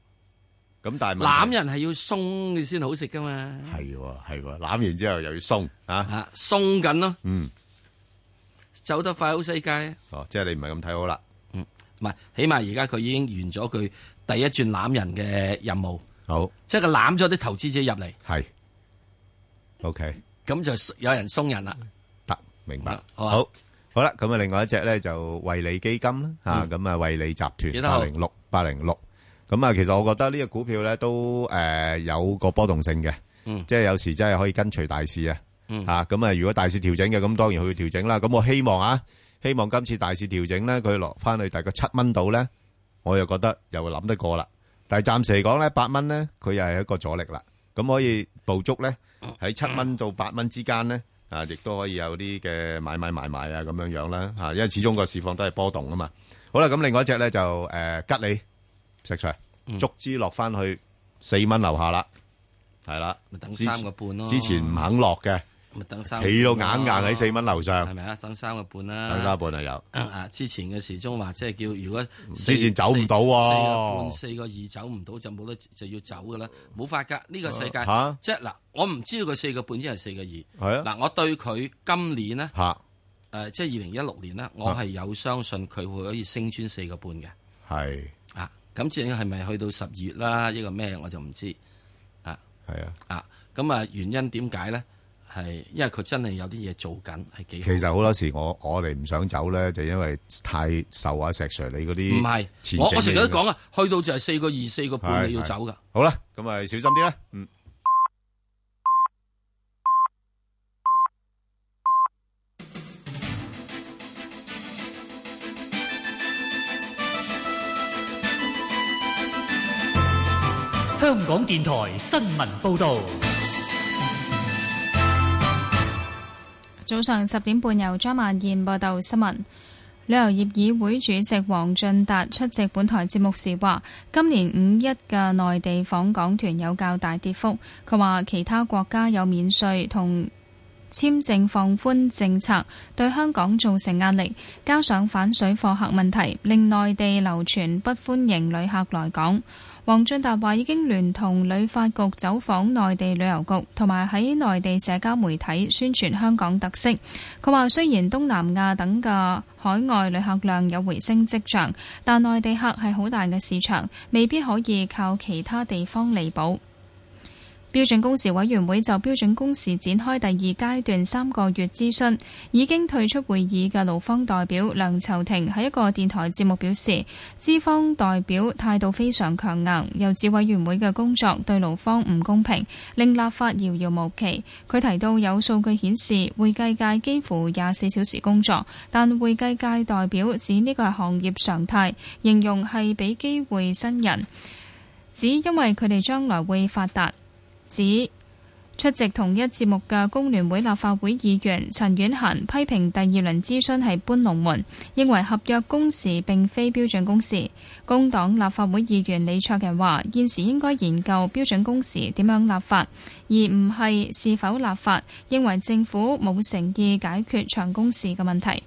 咁但係攬人係要鬆你先好食噶嘛？係喎係喎，攬完之後又要鬆啊！鬆緊咯，嗯。走得快好世界哦，即係你唔係咁睇好啦。嗯，唔係，起碼而家佢已經完咗佢第一轉攬人嘅任務。好，即係佢攬咗啲投資者入嚟。係，OK。咁就有人鬆人啦。得，明白。好，好，好，好啦，咁啊，另外一隻咧就惠理基金啦，吓咁啊，惠理集團八零六八零六。咁啊，其實我覺得呢個股票咧都誒有個波動性嘅，嗯，即係有時真係可以跟隨大市啊。吓咁啊！如果大市調整嘅，咁當然佢會調整啦。咁我希望啊，希望今次大市調整咧，佢落翻去大概七蚊度咧，我又覺得又會諗得過啦。但係暫時嚟講咧，八蚊咧，佢又係一個阻力啦。咁可以捕捉咧喺七蚊到八蚊之間咧，啊，亦都可以有啲嘅買買賣賣啊咁樣樣啦。嚇，因為始終個市況都係波動啊嘛。好啦，咁另外一隻咧就誒吉利食材，逐支落翻去四蚊樓下啦，係啦，等三個半咯。之前唔肯落嘅。咪等三，企到眼硬喺四蚊樓上，係咪啊？等三個半啦，等三個半啊有。啊、嗯，之前嘅時鐘話即係叫如果，之前、啊、四，四個半，走唔到，四個半四個二走唔到就冇得就要走噶啦，冇法噶。呢、這個世界、啊、即係嗱，我唔知道佢四個半即係四個二。係啊，嗱，我對佢今年呢，吓，誒，即係二零一六年呢，我係有相信佢會可以升穿四個半嘅。係啊，咁至係咪去到十二月啦？呢、這個咩我就唔知。啊，係啊，啊，咁啊，原因點解咧？係，因為佢真係有啲嘢做緊，係幾。其實好多時我我哋唔想走咧，就因為太受阿石 Sir 你嗰啲係。唔係、那個，我我成日都講啊，去到就係四個二、四個半你要走噶。好啦，咁咪小心啲啦。嗯。香港電台新聞報導。早上十點半，由張萬燕報道新聞。旅遊業議會主席王俊達出席本台節目時話：今年五一嘅內地訪港團有較大跌幅。佢話其他國家有免稅同。簽證放寬政策對香港造成壓力，加上反水貨客問題，令內地流傳不歡迎旅客來港。黃俊達話已經聯同旅發局走訪內地旅遊局，同埋喺內地社交媒體宣傳香港特色。佢話雖然東南亞等嘅海外旅客量有回升跡象，但內地客係好大嘅市場，未必可以靠其他地方彌補。標準工時委員會就標準工時展開第二階段三個月諮詢，已經退出會議嘅勞方代表梁籌庭喺一個電台節目表示，資方代表態度非常強硬，又指委員會嘅工作對勞方唔公平，令立法遙遙無期。佢提到有數據顯示會計界幾乎廿四小時工作，但會計界代表指呢個係行業常態，形容係俾機會新人，指因為佢哋將來會發達。指出席同一節目嘅工聯會立法會議員陳婉嫻批評第二輪諮詢係搬龍門，認為合約工時並非標準工時。工黨立法會議員李卓人話，現時應該研究標準工時點樣立法，而唔係是，是否立法，認為政府冇誠意解決長工時嘅問題。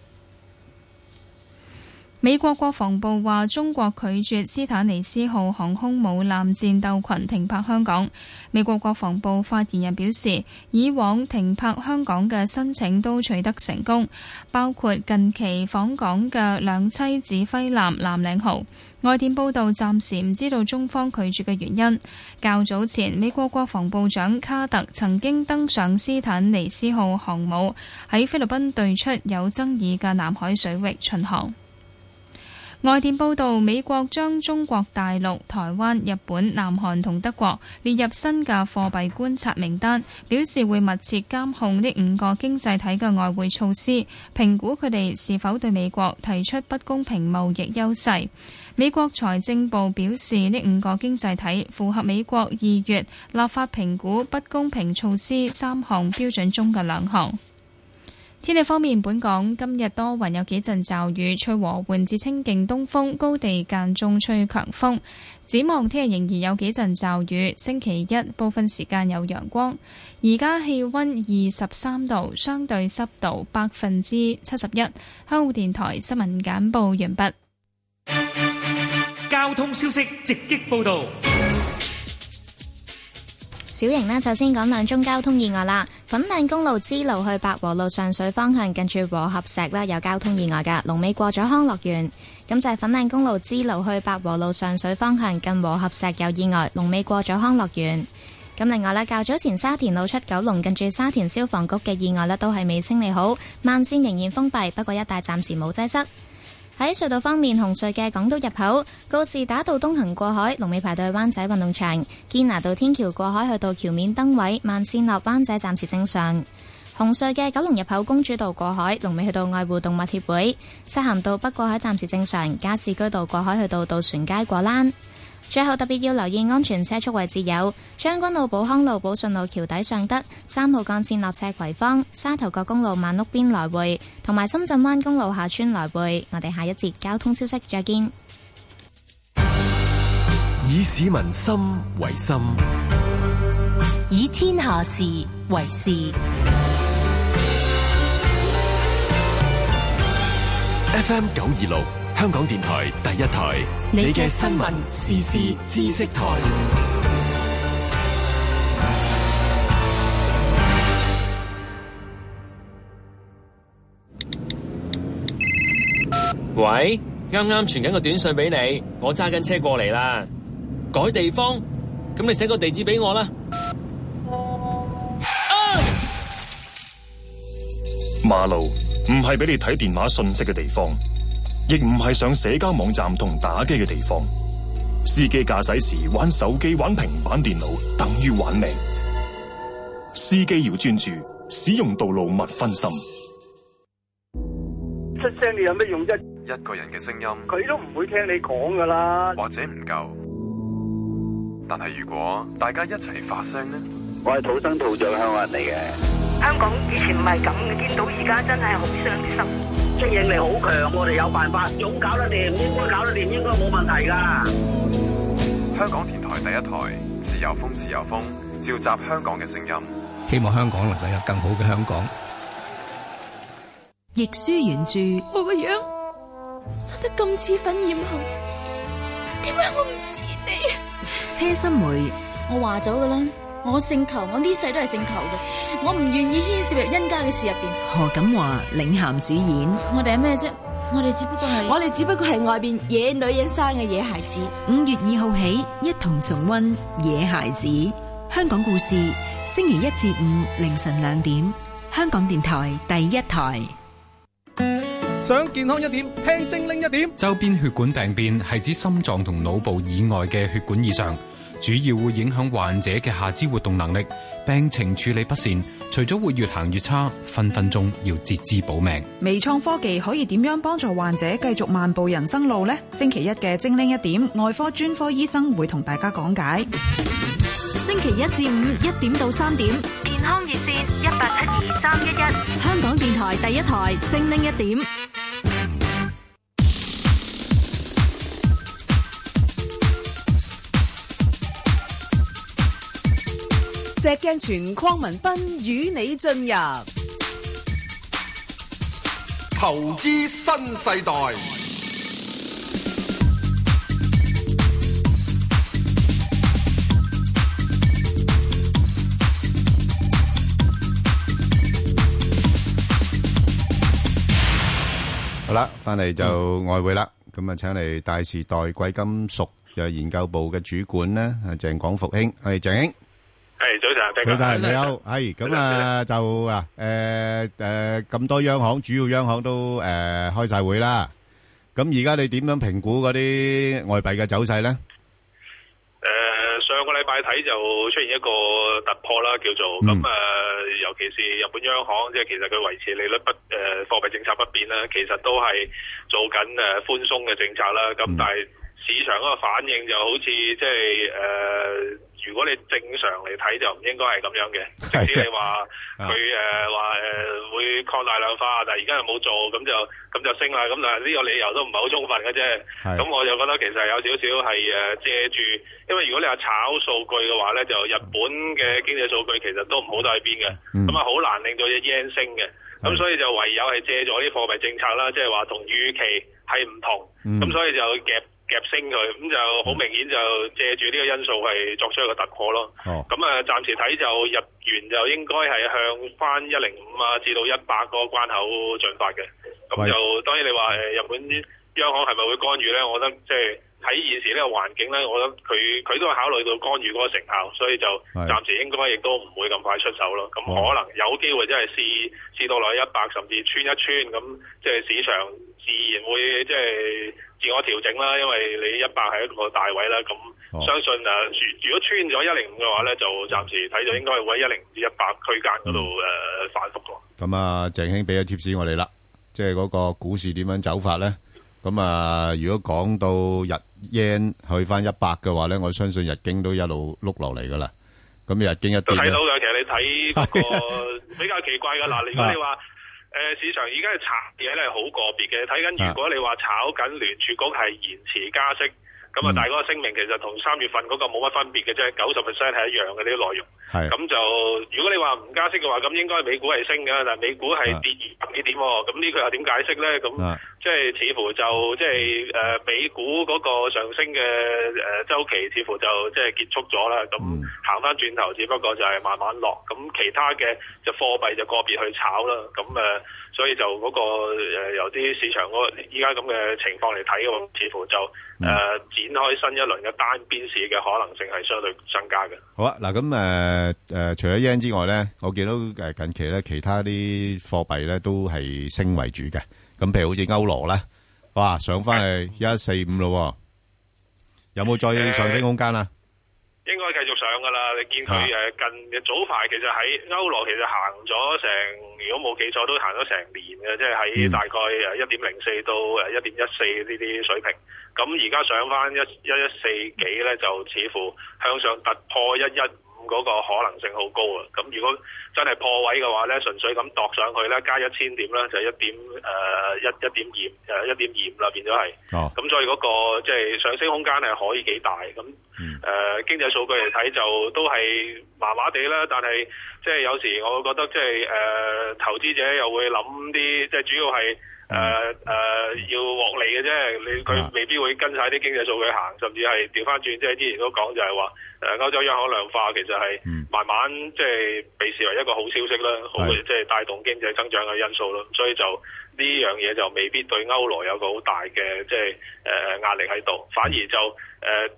美國國防部話，中國拒絕斯坦尼斯號航空母艦戰鬥群停泊香港。美國國防部發言人表示，以往停泊香港嘅申請都取得成功，包括近期訪港嘅兩棲指揮艦藍嶺號。外電報道，暫時唔知道中方拒絕嘅原因。較早前，美國國防部長卡特曾經登上斯坦尼斯號航母喺菲律賓對出有爭議嘅南海水域巡航。外電報道，美國將中國大陸、台灣、日本、南韓同德國列入新嘅貨幣觀察名單，表示會密切監控呢五個經濟體嘅外匯措施，評估佢哋是否對美國提出不公平貿易優勢。美國財政部表示，呢五個經濟體符合美國二月立法評估不公平措施三項標準中嘅兩項。天氣方面，本港今日多雲，有幾陣驟雨，吹和緩至清勁東風，高地間中吹強風。展望聽日仍然有幾陣驟雨。星期一部分時間有陽光。而家氣温二十三度，相對濕度百分之七十一。香港電台新聞簡報完畢。交通消息直擊報道。小瑩呢，就先講兩宗交通意外啦。粉嶺公路支路去百和路上水方向，近住和合石啦，有交通意外噶。龍尾過咗康樂園。咁就係粉嶺公路支路去百和路上水方向，近和合石有意外，龍尾過咗康樂園。咁另外呢，較早前沙田路出九龍，近住沙田消防局嘅意外呢，都係未清理好，慢綫仍然封閉，不過一帶暫時冇擠塞。喺隧道方面，紅隧嘅港島入口告士打道東行過海，龍尾排隊灣仔運動場；堅拿道天橋過海去到橋面燈位，慢線落灣仔暫時正常。紅隧嘅九龍入口公主道過海，龍尾去到愛護動物協會；漆咸道北過海暫時正常；加士居道過海去到渡船街過欄。最後特別要留意安全車速位置有，將軍澳、寶康路、寶順路、橋底尚德、三號幹線落斜葵芳、沙頭角公路萬屋邊來回，同埋深圳灣公路下村來回。我哋下一節交通消息再見。以市民心為心，以天下事為事。 FM 九二六。香港電台第一台，你嘅新聞時事知識台。喂，啱啱傳緊個短信俾你，我揸緊車過嚟啦，改地方，咁你寫個地址俾我啦。啊、馬路唔係俾你睇電話信息嘅地方。亦唔係上社交網站同打機嘅地方。司機駕駛，司機駕駛時玩手機、玩平板電腦，等於玩命。司機要專注，使用道路勿分心。出聲你有咩用啫？一個人嘅聲音，佢都唔會聽你講㗎啦。或者唔夠，但係如果大家一齊發聲呢？我係土生土長香港人嚟嘅。香港以前唔係咁，見到而家真係好傷心。適應力好強，我哋有辦法，總搞得掂，應該搞得掂，應該冇問題噶。香港電台第一台，自由風，自由風，召集香港嘅聲音，希望香港能夠有更好嘅香港。逆書原著，我個樣生得咁似粉艷紅，點解我唔似你？車心梅，我話咗噶啦。我姓求，我呢世都係姓求嘅，我唔願意牽涉入恩家嘅事入邊。何錦華、領銜主演。我哋係咩啫？我哋只不過係我哋只不過係外邊野女人生嘅野孩子。五月二號起，一同重溫《野孩子》香港故事，星期一至五凌晨兩點，香港電台第一台。想健康一點，聽精靈一點。周邊血管病變係指心臟同腦部以外嘅血管異常。主要會影響患者嘅下肢活動能力，病情處理不善，除咗會越行越差，分分鐘要截肢保命。微創科技可以點樣幫助患者繼續漫步人生路呢？星期一嘅精靈一點，外科專科醫生會同大家講解。星期一至五一點到三點，健康熱線一八七二三一一，2, 香港電台第一台精靈一點。石鏡泉鄺民彬，與你進入投資新世代。好啦，翻嚟就外匯啦，咁啊，請嚟大時代貴金屬就係研究部嘅主管咧，啊，鄭廣福兄，係鄭兄。係早晨，早晨你好。係咁啊，就啊誒誒，咁多央行，主要央行都誒開晒會啦。咁而家你點樣評估嗰啲外幣嘅走勢咧？誒，上個禮拜睇就出現一個突破啦，叫做咁誒，尤其是日本央行，即係其實佢維持利率不誒貨幣政策不變啦，其實都係做緊誒寬鬆嘅政策啦。咁但係。市場嗰個反應就好似即係誒、呃，如果你正常嚟睇就唔應該係咁樣嘅。即使你話佢誒話誒會擴大量化，但係而家又冇做，咁就咁就升啦。咁但係呢個理由都唔係好充分嘅啫。咁是的 我就覺得其實有少少係誒借住，因為如果你話炒數據嘅話咧，就日本嘅經濟數據其實都唔好到去邊嘅，咁啊好難令到隻 yen、嗯、升嘅。咁所以就唯有係借助啲貨幣政策啦，即係話同預期係唔同，咁所以就夾，夾升佢咁就好明顯就借住呢個因素係作出一個突破咯。咁啊、哦，暫、嗯、時睇就日元就應該係向翻一零五啊，至到一百個關口進發嘅。咁就喂當然你話誒，日本央行係咪會干預咧？我覺得即係。就是喺現時呢個環境咧，我覺得佢佢都係考慮到幹預嗰個成效，所以就暫時應該亦都唔會咁快出手咯。咁的可能有機會即係試試到落去一百，甚至穿一穿咁，即係市場自然會即係自我調整啦。因為你一百係一個大位啦，咁的相信誒、啊，如果穿咗一零五嘅話咧，就暫時睇就應該係喺一零五至一百區間嗰度誒反覆嘅。咁啊、嗯嗯，鄭興俾個 t 士我哋啦，即係嗰個股市點樣走法咧？咁啊、嗯，如果講到日 yen，去翻一百嘅話咧，我相信日經都一路碌落嚟噶啦。咁、嗯、日經一度睇到嘅。其實你睇個比較奇怪嘅嗱，如果你話誒市場而家係炒嘢咧，係好個別嘅。睇緊如果你話炒緊聯儲局係延遲加息。咁啊，大嗰、嗯、個聲明其實同三月份嗰個冇乜分別嘅啫，九十 percent 係一樣嘅呢啲內容。係咁是就，如果你話唔加息嘅話，咁應該美股係升嘅，但係美股係跌二十幾點喎。咁呢個又點解釋咧？咁、啊、即係似乎就即係誒美股嗰個上升嘅誒週期，似乎就即係結束咗啦。咁行返轉頭，只不過就係慢慢落。咁其他嘅就貨幣就個別去炒啦。咁誒。呃所以就嗰個誒，由啲市場嗰依家咁嘅情況嚟睇嘅話，似乎就誒、嗯呃、展開新一輪嘅單邊市嘅可能性係相對增加嘅。好啊，嗱咁誒誒，除咗 yen 之外咧，我見到誒近期咧其他啲貨幣咧都係升為主嘅。咁譬如好似歐羅咧，哇，上翻去一四五咯，有冇再上升空間啊？呃應該繼續上噶啦，你見佢誒近、啊、早排其實喺歐羅其實行咗成，如果冇記錯都行咗成年嘅，即係喺大概誒一點零四到誒一點一四呢啲水平。咁而家上返一一一四幾咧，就似乎向上突破一一。嗰個可能性好高啊！咁如果真係破位嘅話呢，純粹咁度上去呢，加一千點咧，就一、是、點誒一一點二誒一點二啦，變咗係。咁、哦、所以嗰、那個即係、就是、上升空間係可以幾大。咁誒、嗯呃、經濟數據嚟睇就都係麻麻地啦，但係。即係有時我覺得即係誒、呃、投資者又會諗啲，即係主要係誒誒要獲利嘅啫。你佢未必會跟晒啲經濟數據行，甚至係調翻轉。即係之前都講就係話，誒、呃、歐洲央行量化其實係慢慢、嗯、即係被視為一個好消息啦，的好嘅即係帶動經濟增長嘅因素咯。所以就呢樣嘢就未必對歐羅有個好大嘅即係誒壓力喺度，反而就誒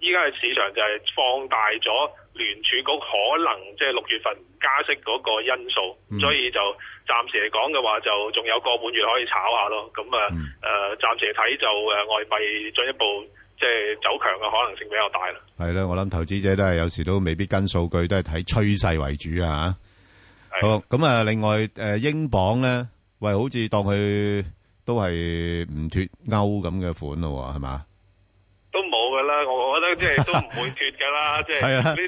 依家嘅市場就係放大咗。聯儲局可能即係六月份加息嗰個因素，嗯、所以就暫時嚟講嘅話就仲有個半月可以炒下咯。咁啊，誒、嗯呃、暫時嚟睇就誒外幣進一步即係走強嘅可能性比較大啦。係咯，我諗投資者都係有時都未必跟數據，都係睇趨勢為主啊。嚇的，好，咁啊，另外誒英鎊咧，喂，好似當佢都係唔脫歐咁嘅款咯、啊，係嘛？冇啦， 我覺得即係都唔會脫噶啦，即、就、係、是、你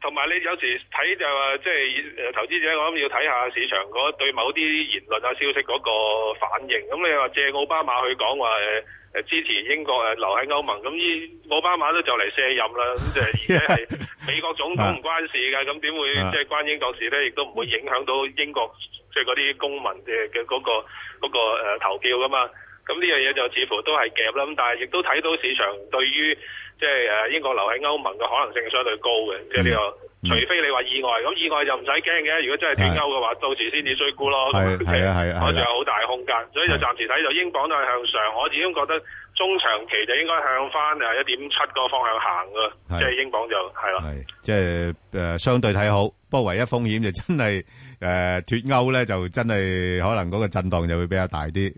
同埋你有時睇就話即係投資者，我諗要睇下市場嗰對某啲言論啊、消息嗰個反應。咁你話借奧巴馬去講話誒、呃、支持英國誒留喺歐盟，咁依奧巴馬都就嚟卸任啦，咁就而且係美國總統唔關事㗎，咁點 會即係、就是、關英國事咧？亦都唔會影響到英國即係嗰啲公民嘅嘅嗰個嗰、那個那個、投票噶嘛？咁呢樣嘢就似乎都係夾啦。咁但係亦都睇到市場對於即係誒英國留喺歐盟嘅可能性相對高嘅，嗯、即係呢、這個。除非你話意外咁，意外就唔使驚嘅。如果真係脫歐嘅話，的到時先至追沽咯。係啊係啊，我仲有好大空間，的所以就暫時睇就英鎊都係向上。的我始終覺得中長期就應該向翻誒一點七個方向行噶，即係英鎊就係咯，即係誒相對睇好。不過唯一風險就、呃、就真係誒脫歐咧，就真係可能嗰個震盪就會比較大啲。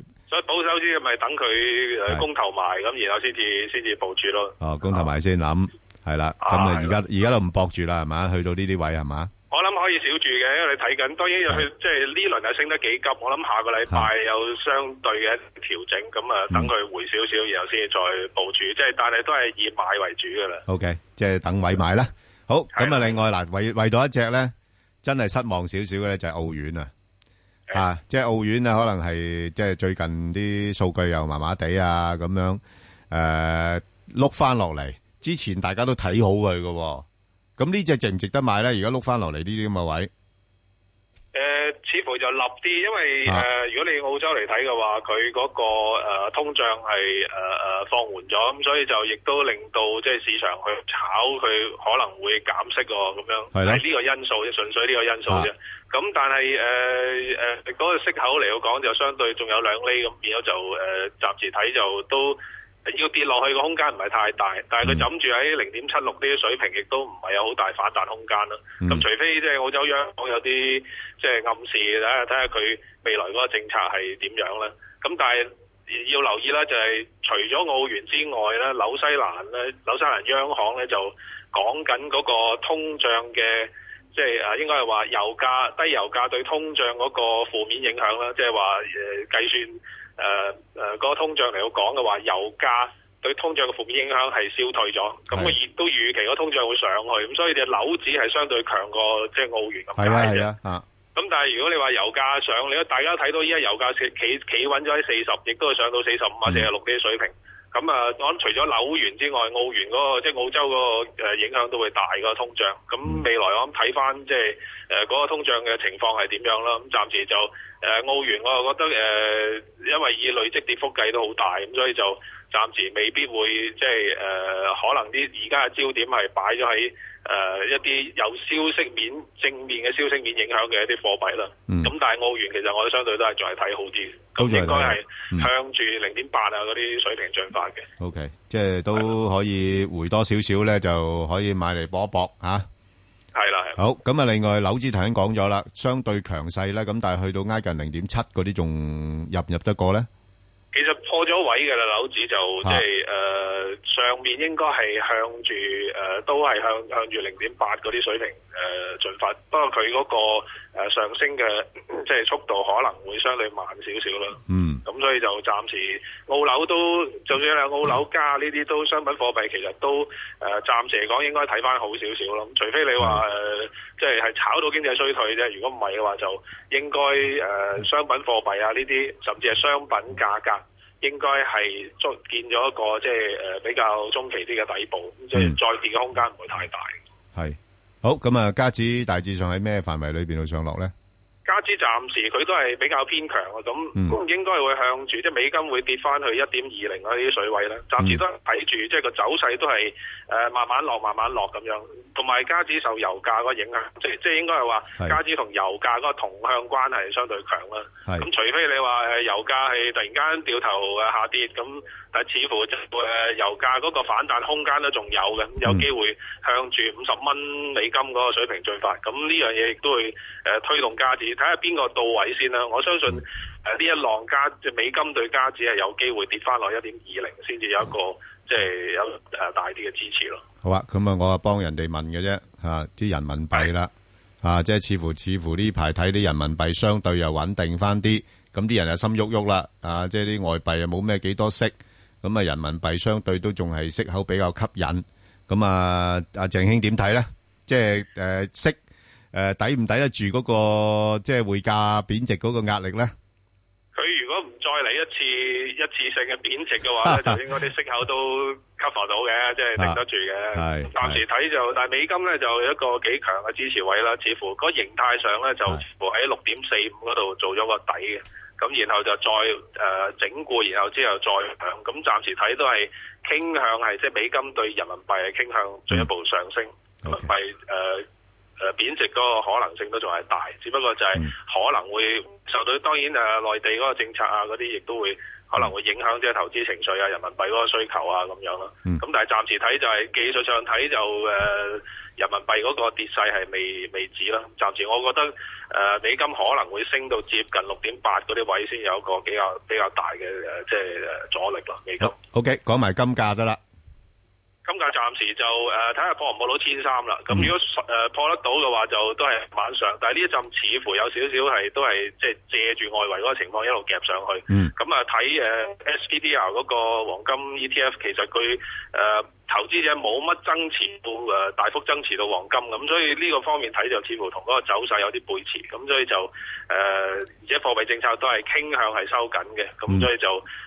好似咪等佢公投埋，咁然後先至先至部署咯。哦，公投埋先諗，係啦。咁啊，而家而家都唔搏住啦，係嘛？去到呢啲位係嘛？我諗可以少住嘅，因為你睇緊，當然佢即係呢輪又升得幾急。我諗下個禮拜有相對嘅調整，咁啊等佢回少少，然後先至再部署。即係但係都係以買為主嘅啦。OK，即係等位買啦。好，咁啊，另外嗱，為為到一隻咧，真係失望少少嘅咧，就係澳元啊。啊！即係澳元啊，可能係即係最近啲數據又麻麻哋啊，咁樣誒，碌翻落嚟，之前大家都睇好佢嘅，咁呢隻值唔值得買咧？而家碌翻落嚟呢啲咁嘅位？誒，uh, 立啲，因為誒、呃，如果你澳洲嚟睇嘅話，佢嗰、嗰個、呃、通脹係誒誒放緩咗，咁所以就亦都令到即係市場去炒佢可能會減息喎，咁樣係呢？呢個因素，純粹呢個因素啫。咁、啊、但係誒誒，嗰、呃呃嗰個息口嚟講就相對仲有兩厘咁，變咗就誒，暫時睇就都，要跌落去個空間唔係太大，但係佢枕住喺零點七六呢啲水平，亦都唔係有好大反彈空間啦。咁、嗯、除非即係澳洲央行有啲即係暗示咧，睇下佢未來嗰個政策係點樣啦。咁但係要留意啦，就係、是、除咗澳元之外咧，紐西蘭咧，紐西蘭央行咧就講緊嗰個通脹嘅，即係啊，應該係話油價低油價對通脹嗰個負面影響啦，即係話誒計算。誒誒，嗰個、呃呃、通脹嚟到講嘅話，油價對通脹嘅負面影響係消退咗，咁我亦都預期個通脹會上去，咁所以你樓指係相對強過即係、就是、澳元咁解係啊係啊，吓。咁、嗯、但係如果你話油價上，你大家睇到依家油價企企穩咗喺四十，亦都係上到四十五或者係六呢啲水平。嗯咁啊、嗯，我諗除咗紐元之外，澳元嗰、那個即係澳洲嗰、那個、呃、影響都會大、這個通脹。咁未來我諗睇翻即係誒嗰個通脹嘅情況係點樣啦。咁、嗯、暫時就誒、呃、澳元，我又覺得誒、呃、因為以累積跌幅計都好大，咁、嗯、所以就暫時未必會即係誒、呃、可能啲而家嘅焦點係擺咗喺。誒一啲有消息面正面嘅消息面影響嘅一啲貨幣啦，咁但係澳元其實我哋相對都係仲係睇好啲，應該係向住零點八啊嗰啲水平進化嘅。O K，即係都可以回多少少咧，就可以買嚟搏一搏嚇。係啦，係好咁啊！另外樓子頭先講咗啦，相對強勢咧，咁但係去到挨近零點七嗰啲，仲入唔入得過咧？其實。睇嘅啦，樓指就即係誒上面應該係向住誒、呃、都係向向住零點八嗰啲水平誒進發，不過佢嗰、那個、呃、上升嘅、呃、即係速度可能會相對慢少少咯。嗯，咁所以就暫時澳樓都就算有澳樓加呢啲都、嗯、商品貨幣其實都誒暫、呃、時嚟講應該睇翻好少少咯。除非你話即係係炒到經濟衰退啫，如果唔係嘅話，就應該誒、呃、商品貨幣啊呢啲甚至係商品價格。應該係中見咗一個即係誒比較中期啲嘅底部，嗯、即係再跌嘅空間唔會太大。係。好，咁啊，加紙大致上喺咩範圍裏邊會上落咧？加紙暫時佢都係比較偏強啊，咁、嗯、應該係會向住即係美金會跌翻去一點二零嗰啲水位啦。暫時都睇住，嗯、即係個走勢都係。誒慢慢落，慢慢落咁樣，同埋加紙受油價嗰個影響，即係即係應該係話是加紙同油價嗰個同向關係相對強啦。咁是除非你話誒、呃、油價係突然間掉頭誒、啊、下跌，咁但係似乎誒、呃、油價嗰個反彈空間都仲有嘅，咁、嗯、有機會向住五十蚊美金嗰個水平進發。咁呢樣嘢亦都會誒、呃、推動加紙，睇下邊個到位先啦。我相信誒呢、嗯呃、一浪加即美金對加紙係有機會跌返落一點二零，先至、嗯、有一個。即係有誒大啲嘅支持咯。好啊，咁啊，我啊幫人哋問嘅啫，吓啲人民幣啦，吓即係似乎似乎呢排睇啲人民幣相對又穩定翻啲，咁啲人又心喐喐啦，啊，即係啲外幣又冇咩幾多息，咁啊人民幣相對都仲係息口比較吸引，咁啊阿鄭兄點睇咧？即係誒息誒抵唔抵得住嗰個即係匯價貶值嗰個壓力咧？再嚟一次一次性嘅貶值嘅話咧，就應該啲息口都 cover 到嘅，即係頂得住嘅。暫時睇就，但係美金咧就一個幾強嘅支持位啦，似乎個形態上咧就似乎喺六點四五嗰度做咗個底嘅，咁然後就再誒整固，然後之後再強。咁暫時睇都係傾向係即係美金對人民幣係傾向進一步上升，人民幣誒。誒貶值嗰個可能性都仲係大，只不過就係可能會受到當然誒內地嗰個政策啊嗰啲，亦都會可能會影響即係投資情緒啊、人民幣嗰個需求啊咁樣咯。咁但係暫時睇就係、是、技術上睇就誒人民幣嗰個跌勢係未未止啦。暫時我覺得誒、呃、美金可能會升到接近六點八嗰啲位先有一個比較比較大嘅誒、呃、即係誒阻力啦。美金 OK 講埋金價得啦。今屆暫時就誒睇下破唔破到千三啦。咁如果誒、呃、破得到嘅話，就都係晚上。但係呢一陣似乎有少少係都係即係借住外圍嗰個情況一路夾上去。嗯。咁啊睇誒 SPDR 嗰個黃金 ETF，其實佢誒。呃投資者冇乜增持到誒、呃、大幅增持到黃金咁、嗯，所以呢個方面睇就似乎同嗰個走勢有啲背馳咁、嗯，所以就誒、呃、而且貨幣政策都係傾向係收緊嘅，咁、嗯、所以就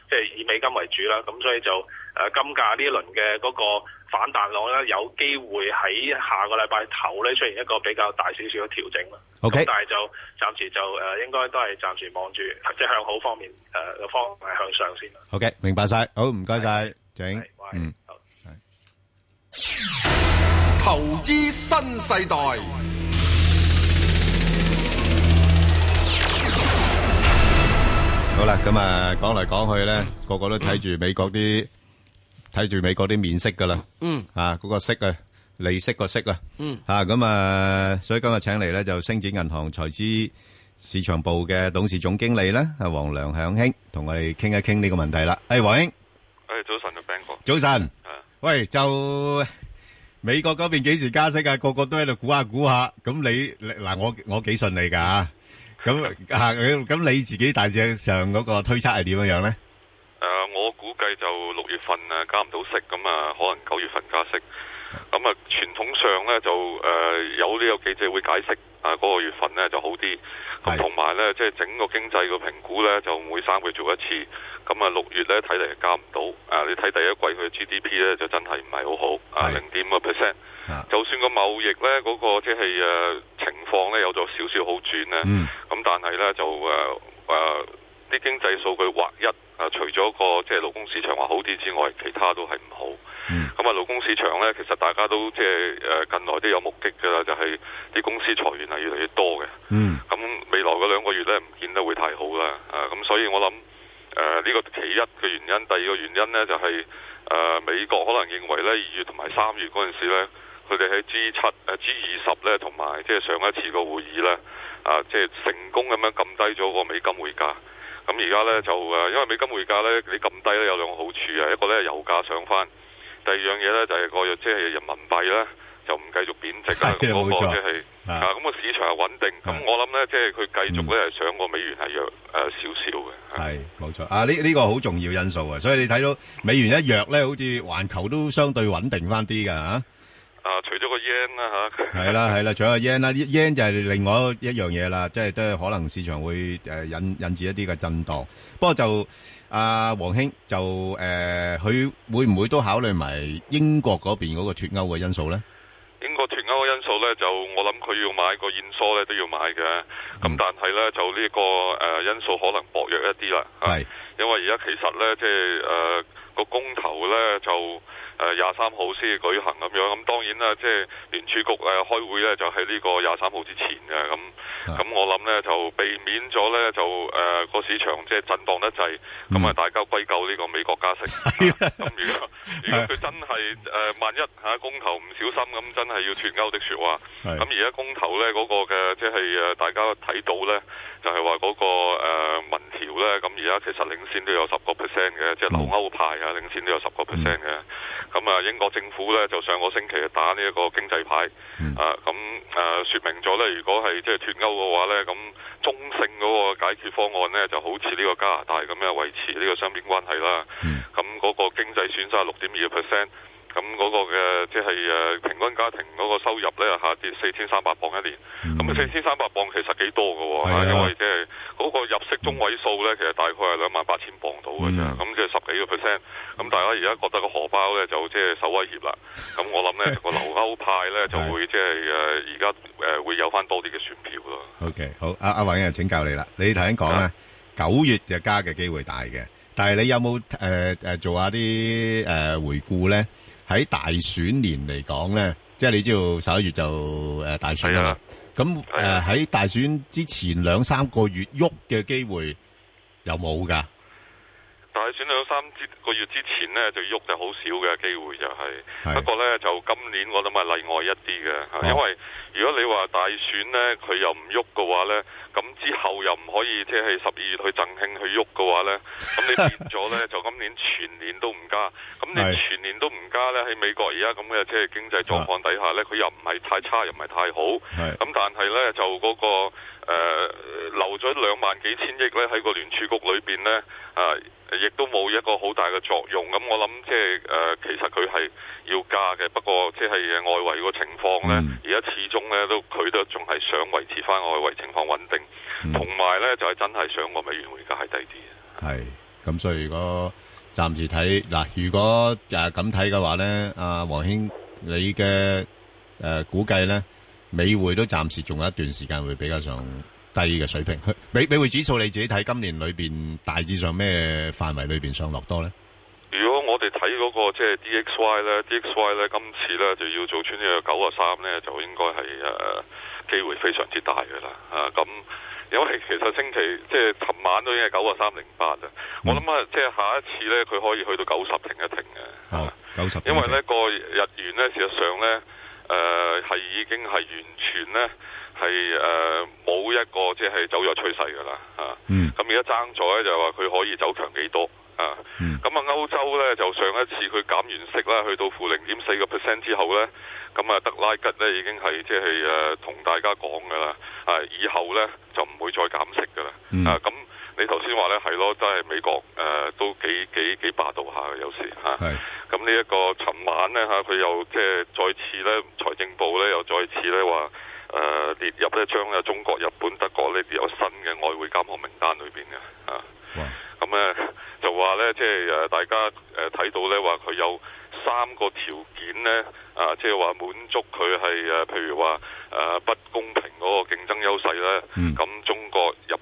即係以美金為主啦，咁、嗯、所以就誒、呃、金價呢輪嘅嗰個反彈浪咧，有機會喺下個禮拜頭咧出現一個比較大少少嘅調整啦。OK，但係就暫時就誒、呃、應該都係暫時望住即係向好方面誒嘅、呃、方向上先。OK，明白晒？好唔該晒，鄭，嗯。投資新世代，好啦。咁啊講嚟講去咧，個個都睇住美國啲、睇住美國啲面息噶啦，嗯啊嗰個息啊、利息個息啊，嗯吓咁啊，所以今日請嚟咧就星展銀行財資市場部嘅董事總經理咧，阿黃良響興同我哋傾一傾呢個問題啦。誒，黃興，誒早晨啊，Ben 哥，早晨。喂，就美國嗰邊幾時加息啊？個個都喺度估下估下，咁你嗱我我幾順利噶？咁啊，咁你自己大致上嗰個推測係點樣樣咧？誒，我估計就六月份啊，加唔到息，咁啊，可能九月份加息。咁啊，傳統上咧就誒有呢個記者會解釋，啊嗰個月份咧就好啲。咁同埋咧，即係整個經濟嘅評估咧，就每三個月做一次。咁啊，六月咧睇嚟又加唔到啊！你睇第一季佢嘅 GDP 咧就真係唔係好好啊，零點五 percent。就算個貿易咧嗰個即係誒情況咧有咗少少好轉咧，咁、嗯、但係咧就誒誒啲經濟數據劃一啊，除咗、那個即係勞工市場話好啲之外，其他都係唔好。咁啊、嗯，勞工市場咧其實大家都即係誒近來都有目擊噶啦，就係、是、啲公司裁員係越嚟越多嘅。咁、嗯、未來嗰兩個月咧唔見得會太好啦。啊、呃，咁、呃、所以我諗。誒呢、呃這個其一嘅原因，第二個原因呢，就係、是、誒、呃、美國可能認為呢，二月同埋三月嗰陣時呢，佢哋喺 G 七誒 G 二十呢，同埋即係上一次個會議呢，啊、呃，即、就、係、是、成功咁樣撳低咗個美金匯價。咁而家呢，就誒、呃，因為美金匯價呢，你撳低呢，有兩個好處啊，一個呢，油價上返，第二樣嘢呢，就係、是那個即係、就是、人民幣呢，就唔繼續貶值啦。咁個即係啊，咁個市場係穩定。咁我諗咧，即係佢繼續咧係上過美元係弱誒少少嘅。係冇錯啊！呢呢個好重要因素啊。所以你睇到美元一弱咧，好似環球都相對穩定翻啲㗎嚇。啊，除咗個 yen 啦嚇，係啦係啦，除咗 yen 啦，yen 就係另外一樣嘢啦，即係都可能市場會誒引引致一啲嘅震盪。不過就啊，黃興就誒，佢會唔會都考慮埋英國嗰邊嗰個脱歐嘅因素咧？英國脱歐嘅因素咧，就我諗佢要買個燕梳咧都要買嘅。咁但係咧、嗯、就呢個誒因素可能薄弱一啲啦。係是，因為而家其實咧即係誒個公投咧就。誒廿三號先舉行咁樣，咁當然啦，即係聯儲局誒開會呢，就喺呢個廿三號之前嘅咁。咁的我諗呢，就避免咗呢，就誒個市場即係震盪得滯，咁啊、嗯、大家歸咎呢個美國加息。咁 如果如果佢真係誒萬一嚇公投唔小心咁，真係要脱歐的説話，咁而家公投呢、那、嗰個嘅即係誒大家睇到呢。就係話嗰個民調咧，咁而家其實領先都有十個 percent 嘅，即係留歐派啊，領先都有十個 percent 嘅。咁啊，英國政府咧就上個星期打呢一個經濟牌啊，咁誒説明咗咧，如果係即係脱歐嘅話咧，咁中性嗰個解決方案咧就好似呢個加拿大咁樣維持呢個雙邊關係啦。咁嗰、嗯、個經濟損失係六點二個 percent。咁嗰個嘅即係誒平均家庭嗰個收入咧，下跌四千三百磅一年。咁四千三百磅其實幾多嘅喎？因為即係嗰個入息中位數咧，其實大概係兩萬八千磅到嘅啫。咁即係十幾個 percent。咁大家而家覺得個荷包咧就即係受威脅啦。咁我諗咧個留歐派咧就會即係誒而家誒會有翻多啲嘅選票咯。OK，好，阿阿華英，請教你啦。你頭先講咧九月就加嘅機會大嘅，但係你有冇誒誒做下啲誒回顧咧？喺大選年嚟講呢，即係你知道十一月就誒大選啊。咁誒喺大選之前兩三個月喐嘅機會有冇噶？大選兩三個月之前呢，就喐就好少嘅機會、就係，就係的。不過呢，就今年我諗係例外一啲嘅，啊、因為如果你話大選呢，佢又唔喐嘅話呢。咁 之後又唔可以即係十二月去贈慶去喐嘅話呢，咁你變咗呢，就今年全年都唔加，咁你全年都唔加呢，喺美國而家咁嘅即係經濟狀況底下呢，佢、啊、又唔係太差又唔係太好，咁、啊、但係呢，就嗰、嗰個。誒、呃、留咗兩萬幾千億咧喺個聯儲局裏邊咧，誒、呃、亦都冇一個好大嘅作用。咁我諗即係誒，其實佢係要加嘅。不過即係外圍個情況咧，而家、嗯、始終咧都佢都仲係想維持返外圍情況穩定。同埋咧就係、是、真係想個美元匯價，而家係低啲。係咁，所以如果暫時睇嗱、啊，如果就係咁睇嘅話咧，阿、啊、鄺兄你嘅誒、啊、估計咧？美匯都暫時仲有一段時間會比較上低嘅水平，美美匯指數你自己睇今年裏邊大致上咩範圍裏邊上落多咧？如果我哋睇嗰個即係 DXY 咧 ，DXY 咧今次咧就要做穿呢個九十三咧，就應該係誒機會非常之大嘅啦。啊，咁因為其實星期即係琴晚都已經係九十三零八啦，嗯、我諗啊，即係下一次咧佢可以去到九十停一停嘅。哦，九十。因為呢、呢個日元咧事實上咧。誒係、呃、已經係完全呢，係誒冇一個即係走弱趨勢㗎啦嚇，咁而家爭咗呢，就係話佢可以走強幾多啊？咁啊、嗯、歐洲呢，就上一次佢減完息啦，去到負零點四個 percent 之後呢，咁啊德拉吉呢已經係即係誒同大家講㗎啦，啊以後呢，就唔會再減息㗎啦啊咁。你頭先話咧係咯，都係美國誒都幾幾幾霸道下嘅，有時嚇。咁呢一個尋晚咧嚇，佢又即係再次咧財政部咧又再次咧話誒列入咧將嘅中國、日本、德國呢啲有新嘅外匯監控名單裏邊嘅嚇。咁咧就話咧即係誒大家誒睇到咧話佢有三個條件咧啊，即係話滿足佢係誒譬如話誒不公平嗰個競爭優勢咧。咁中國日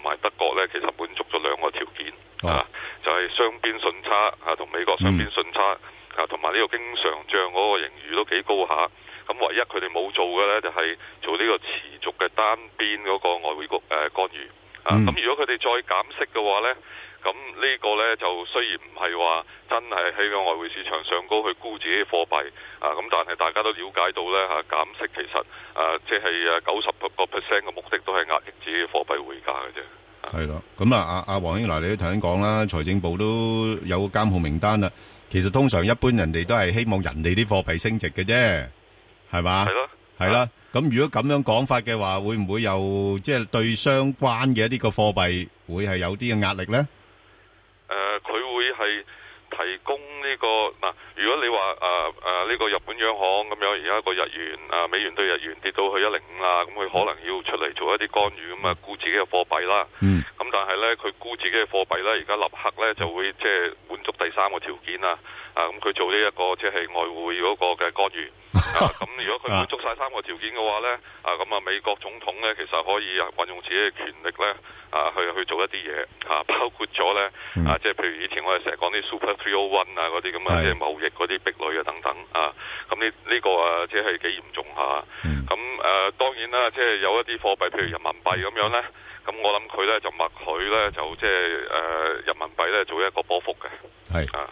同埋德國呢，其實滿足咗兩個條件，oh. 啊，就係、是、雙邊順差啊，同美國雙邊順差、mm. 啊，同埋呢個經常帳嗰個盈餘都幾高下。咁、啊、唯一佢哋冇做嘅呢，就係、是、做呢個持續嘅單邊嗰個外匯局、呃、干預啊。咁、啊啊、如果佢哋再減息嘅話呢？咁呢個咧就雖然唔係話真係喺個外匯市場上高去沽自己貨幣啊，咁但係大家都瞭解到咧嚇減息其實誒即係誒九十個 percent 嘅目的都係壓抑自己嘅貨幣匯價嘅啫。係咯，咁啊，阿阿黃英來，你都頭先講啦，財政部都有個監控名單啦。其實通常一般人哋都係希望人哋啲貨幣升值嘅啫，係嘛？係咯，係啦。咁如果咁樣講法嘅話，會唔會有即係對相關嘅一啲個貨幣會係有啲嘅壓力咧？誒，佢、呃、會係提供呢、這個嗱、呃，如果你話誒誒呢個日本央行咁樣，而家個日元啊、呃、美元對日元跌到去一零五啦，咁、嗯、佢、嗯、可能要出嚟做一啲干預咁啊，沽自己嘅貨幣啦。嗯，咁但係呢，佢沽自己嘅貨幣呢，而家立刻呢就會即係滿足第三個條件啊。 啊，咁佢做呢一個即係外匯嗰個嘅干預。咁如果佢滿足晒三個條件嘅話咧，啊咁啊、嗯、美國總統咧其實可以運用自己嘅權力咧，啊去去做一啲嘢啊，包括咗咧啊，即係譬如以前我哋成日講啲 Super Three O One 啊嗰啲咁嘅即係貿易嗰啲壁壘啊等等啊，咁呢呢個啊即係幾嚴重嚇。咁、啊、誒、啊、當然啦，即係有一啲貨幣譬如人民幣咁樣咧，咁、嗯啊、我諗佢咧就默許咧就即係誒人民幣咧做一個波幅嘅，係啊。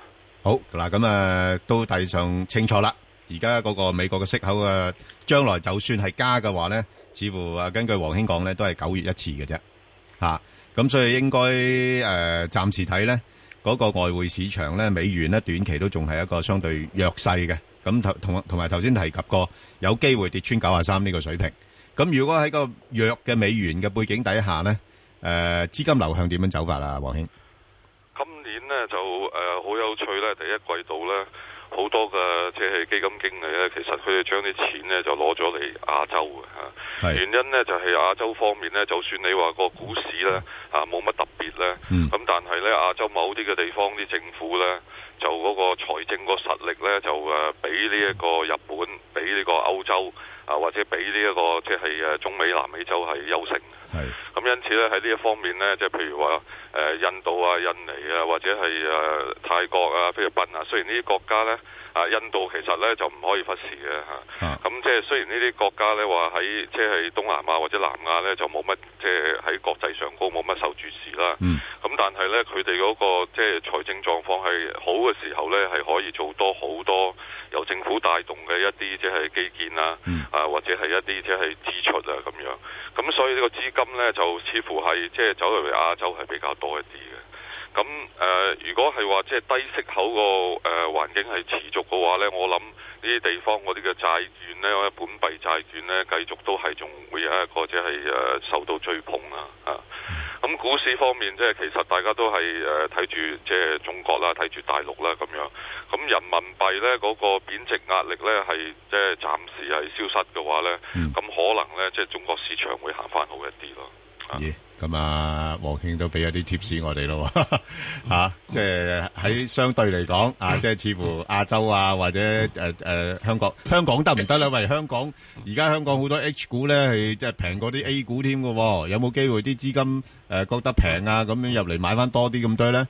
好嗱，咁啊都睇上清楚啦。而家嗰個美國嘅息口啊，將來就算係加嘅話咧，似乎啊根據鄺兄講咧，都係九月一次嘅啫。吓、啊，咁所以應該誒、呃、暫時睇咧，嗰、那個外匯市場咧，美元咧短期都仲係一個相對弱勢嘅。咁同同同埋頭先提及過，有機會跌穿九啊三呢個水平。咁如果喺個弱嘅美元嘅背景底下咧，誒、呃、資金流向點樣走法啊？鄺兄？咧就誒好、呃、有趣咧，第一季度咧好多嘅即係基金經理咧，其實佢哋將啲錢咧就攞咗嚟亞洲嘅嚇，是原因咧就係、是、亞洲方面咧，就算你話個股市咧嚇冇乜特別咧，咁、嗯、但係咧亞洲某啲嘅地方啲政府咧，就嗰個財政個實力咧就誒比呢一個日本比呢個歐洲，啊，或者俾呢一個即係誒中美南美洲係優勝嘅，咁是因此咧喺呢一方面咧，即係譬如話誒印度啊、印尼啊，或者係誒、呃、泰國啊、菲律賓啊，雖然呢啲國家咧啊，印度其實咧就唔可以忽視嘅嚇。咁即係雖然呢啲國家咧話喺即係東南亞或者南亞咧就冇乜即係喺國際上高冇乜受注視啦。咁、嗯、但係咧佢哋嗰個。都俾一啲貼士我哋咯，嚇！即係喺相對嚟講，啊，即係、啊、似乎亞洲啊，或者誒誒、呃呃、香港，香港得唔得咧？喂，香港而家香港好多 H 股咧，係即係平過啲 A 股添嘅、啊，有冇機會啲資金誒、呃、覺得平啊，咁樣入嚟買翻多啲咁多咧？誒誒、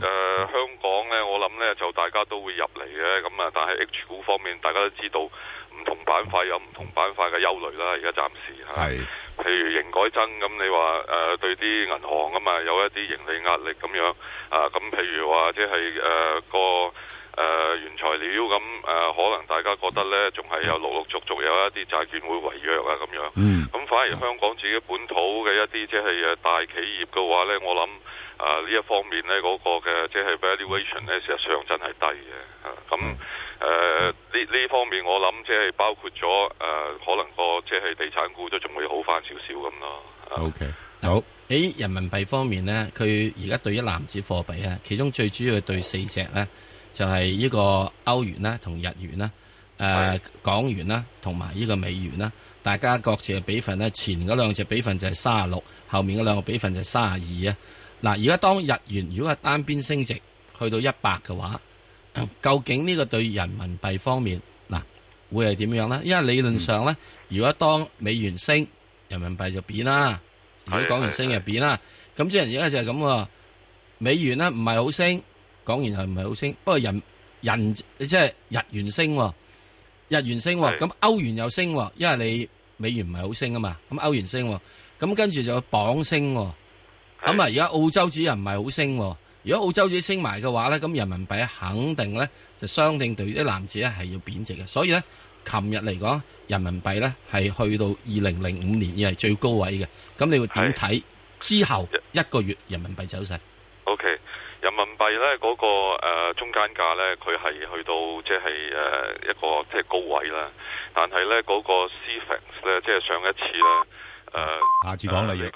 呃，香港咧，我諗咧就大家都會入嚟嘅，咁啊，但係 H 股方面，大家都知道唔同板塊有唔同板塊嘅憂慮啦，而家暫時係。啊譬如營改增咁，你話誒、呃、對啲銀行啊嘛，有一啲盈利壓力咁樣啊，咁譬如話即係誒個誒原材料咁誒、啊，可能大家覺得咧，仲係有陸陸續續續有一啲債券會違約啊咁樣。嗯。咁反而香港自己本土嘅一啲即係誒大企業嘅話咧，我諗啊呢一方面咧嗰、那個嘅即係 valuation 咧，事實上真係低嘅嚇咁。啊嗯嗯。誒，呢呢、uh, 這方面我諗即係包括咗誒，uh, 可能、那個即係、就是、地產股都仲會好翻少少咁咯。Uh, o Okay . K，好。喺人民幣方面咧，佢而家對一籃子貨幣啊，其中最主要對四隻咧，就係、是、呢個歐元啦、啊、同日元啦、啊、誒是、呃、港元啦、啊、同埋呢個美元啦、啊。大家各自嘅比分咧，前嗰兩隻比分就係卅六，後面嗰兩個比分就係卅二啊。嗱、啊，而家當日元如果係單邊升值去到一百嘅話。嗯、究竟呢個對人民幣方面嗱會係點樣咧？因為理論上咧，嗯、如果當美元升，人民幣就貶啦。如果港元升就，就貶啦。咁即係而家就係咁喎。美元咧唔係好升，港元係唔係好升。不過人人即係、就是、日元升、啊，日元升、啊，咁歐對元又升、啊，因為你美元唔係好升啊嘛。咁歐元升，咁跟住就鎊升。咁啊，而家、啊、澳洲紙又唔係好升、啊。對如果澳洲紙升埋嘅話咧，咁人民幣肯定咧就相對對啲籃子咧係要貶值嘅。所以咧，琴日嚟講，人民幣咧係去到二零零五年以嚟最高位嘅。咁你會點睇是之後一個月人民幣走勢？O.K. 人民幣咧、那、嗰個誒、呃、中間價咧，佢係去到即係誒、呃、一個即係高位啦。但係咧嗰個 C-Fix 咧，即係上一次咧誒，呃、下次講嚟嘅。呃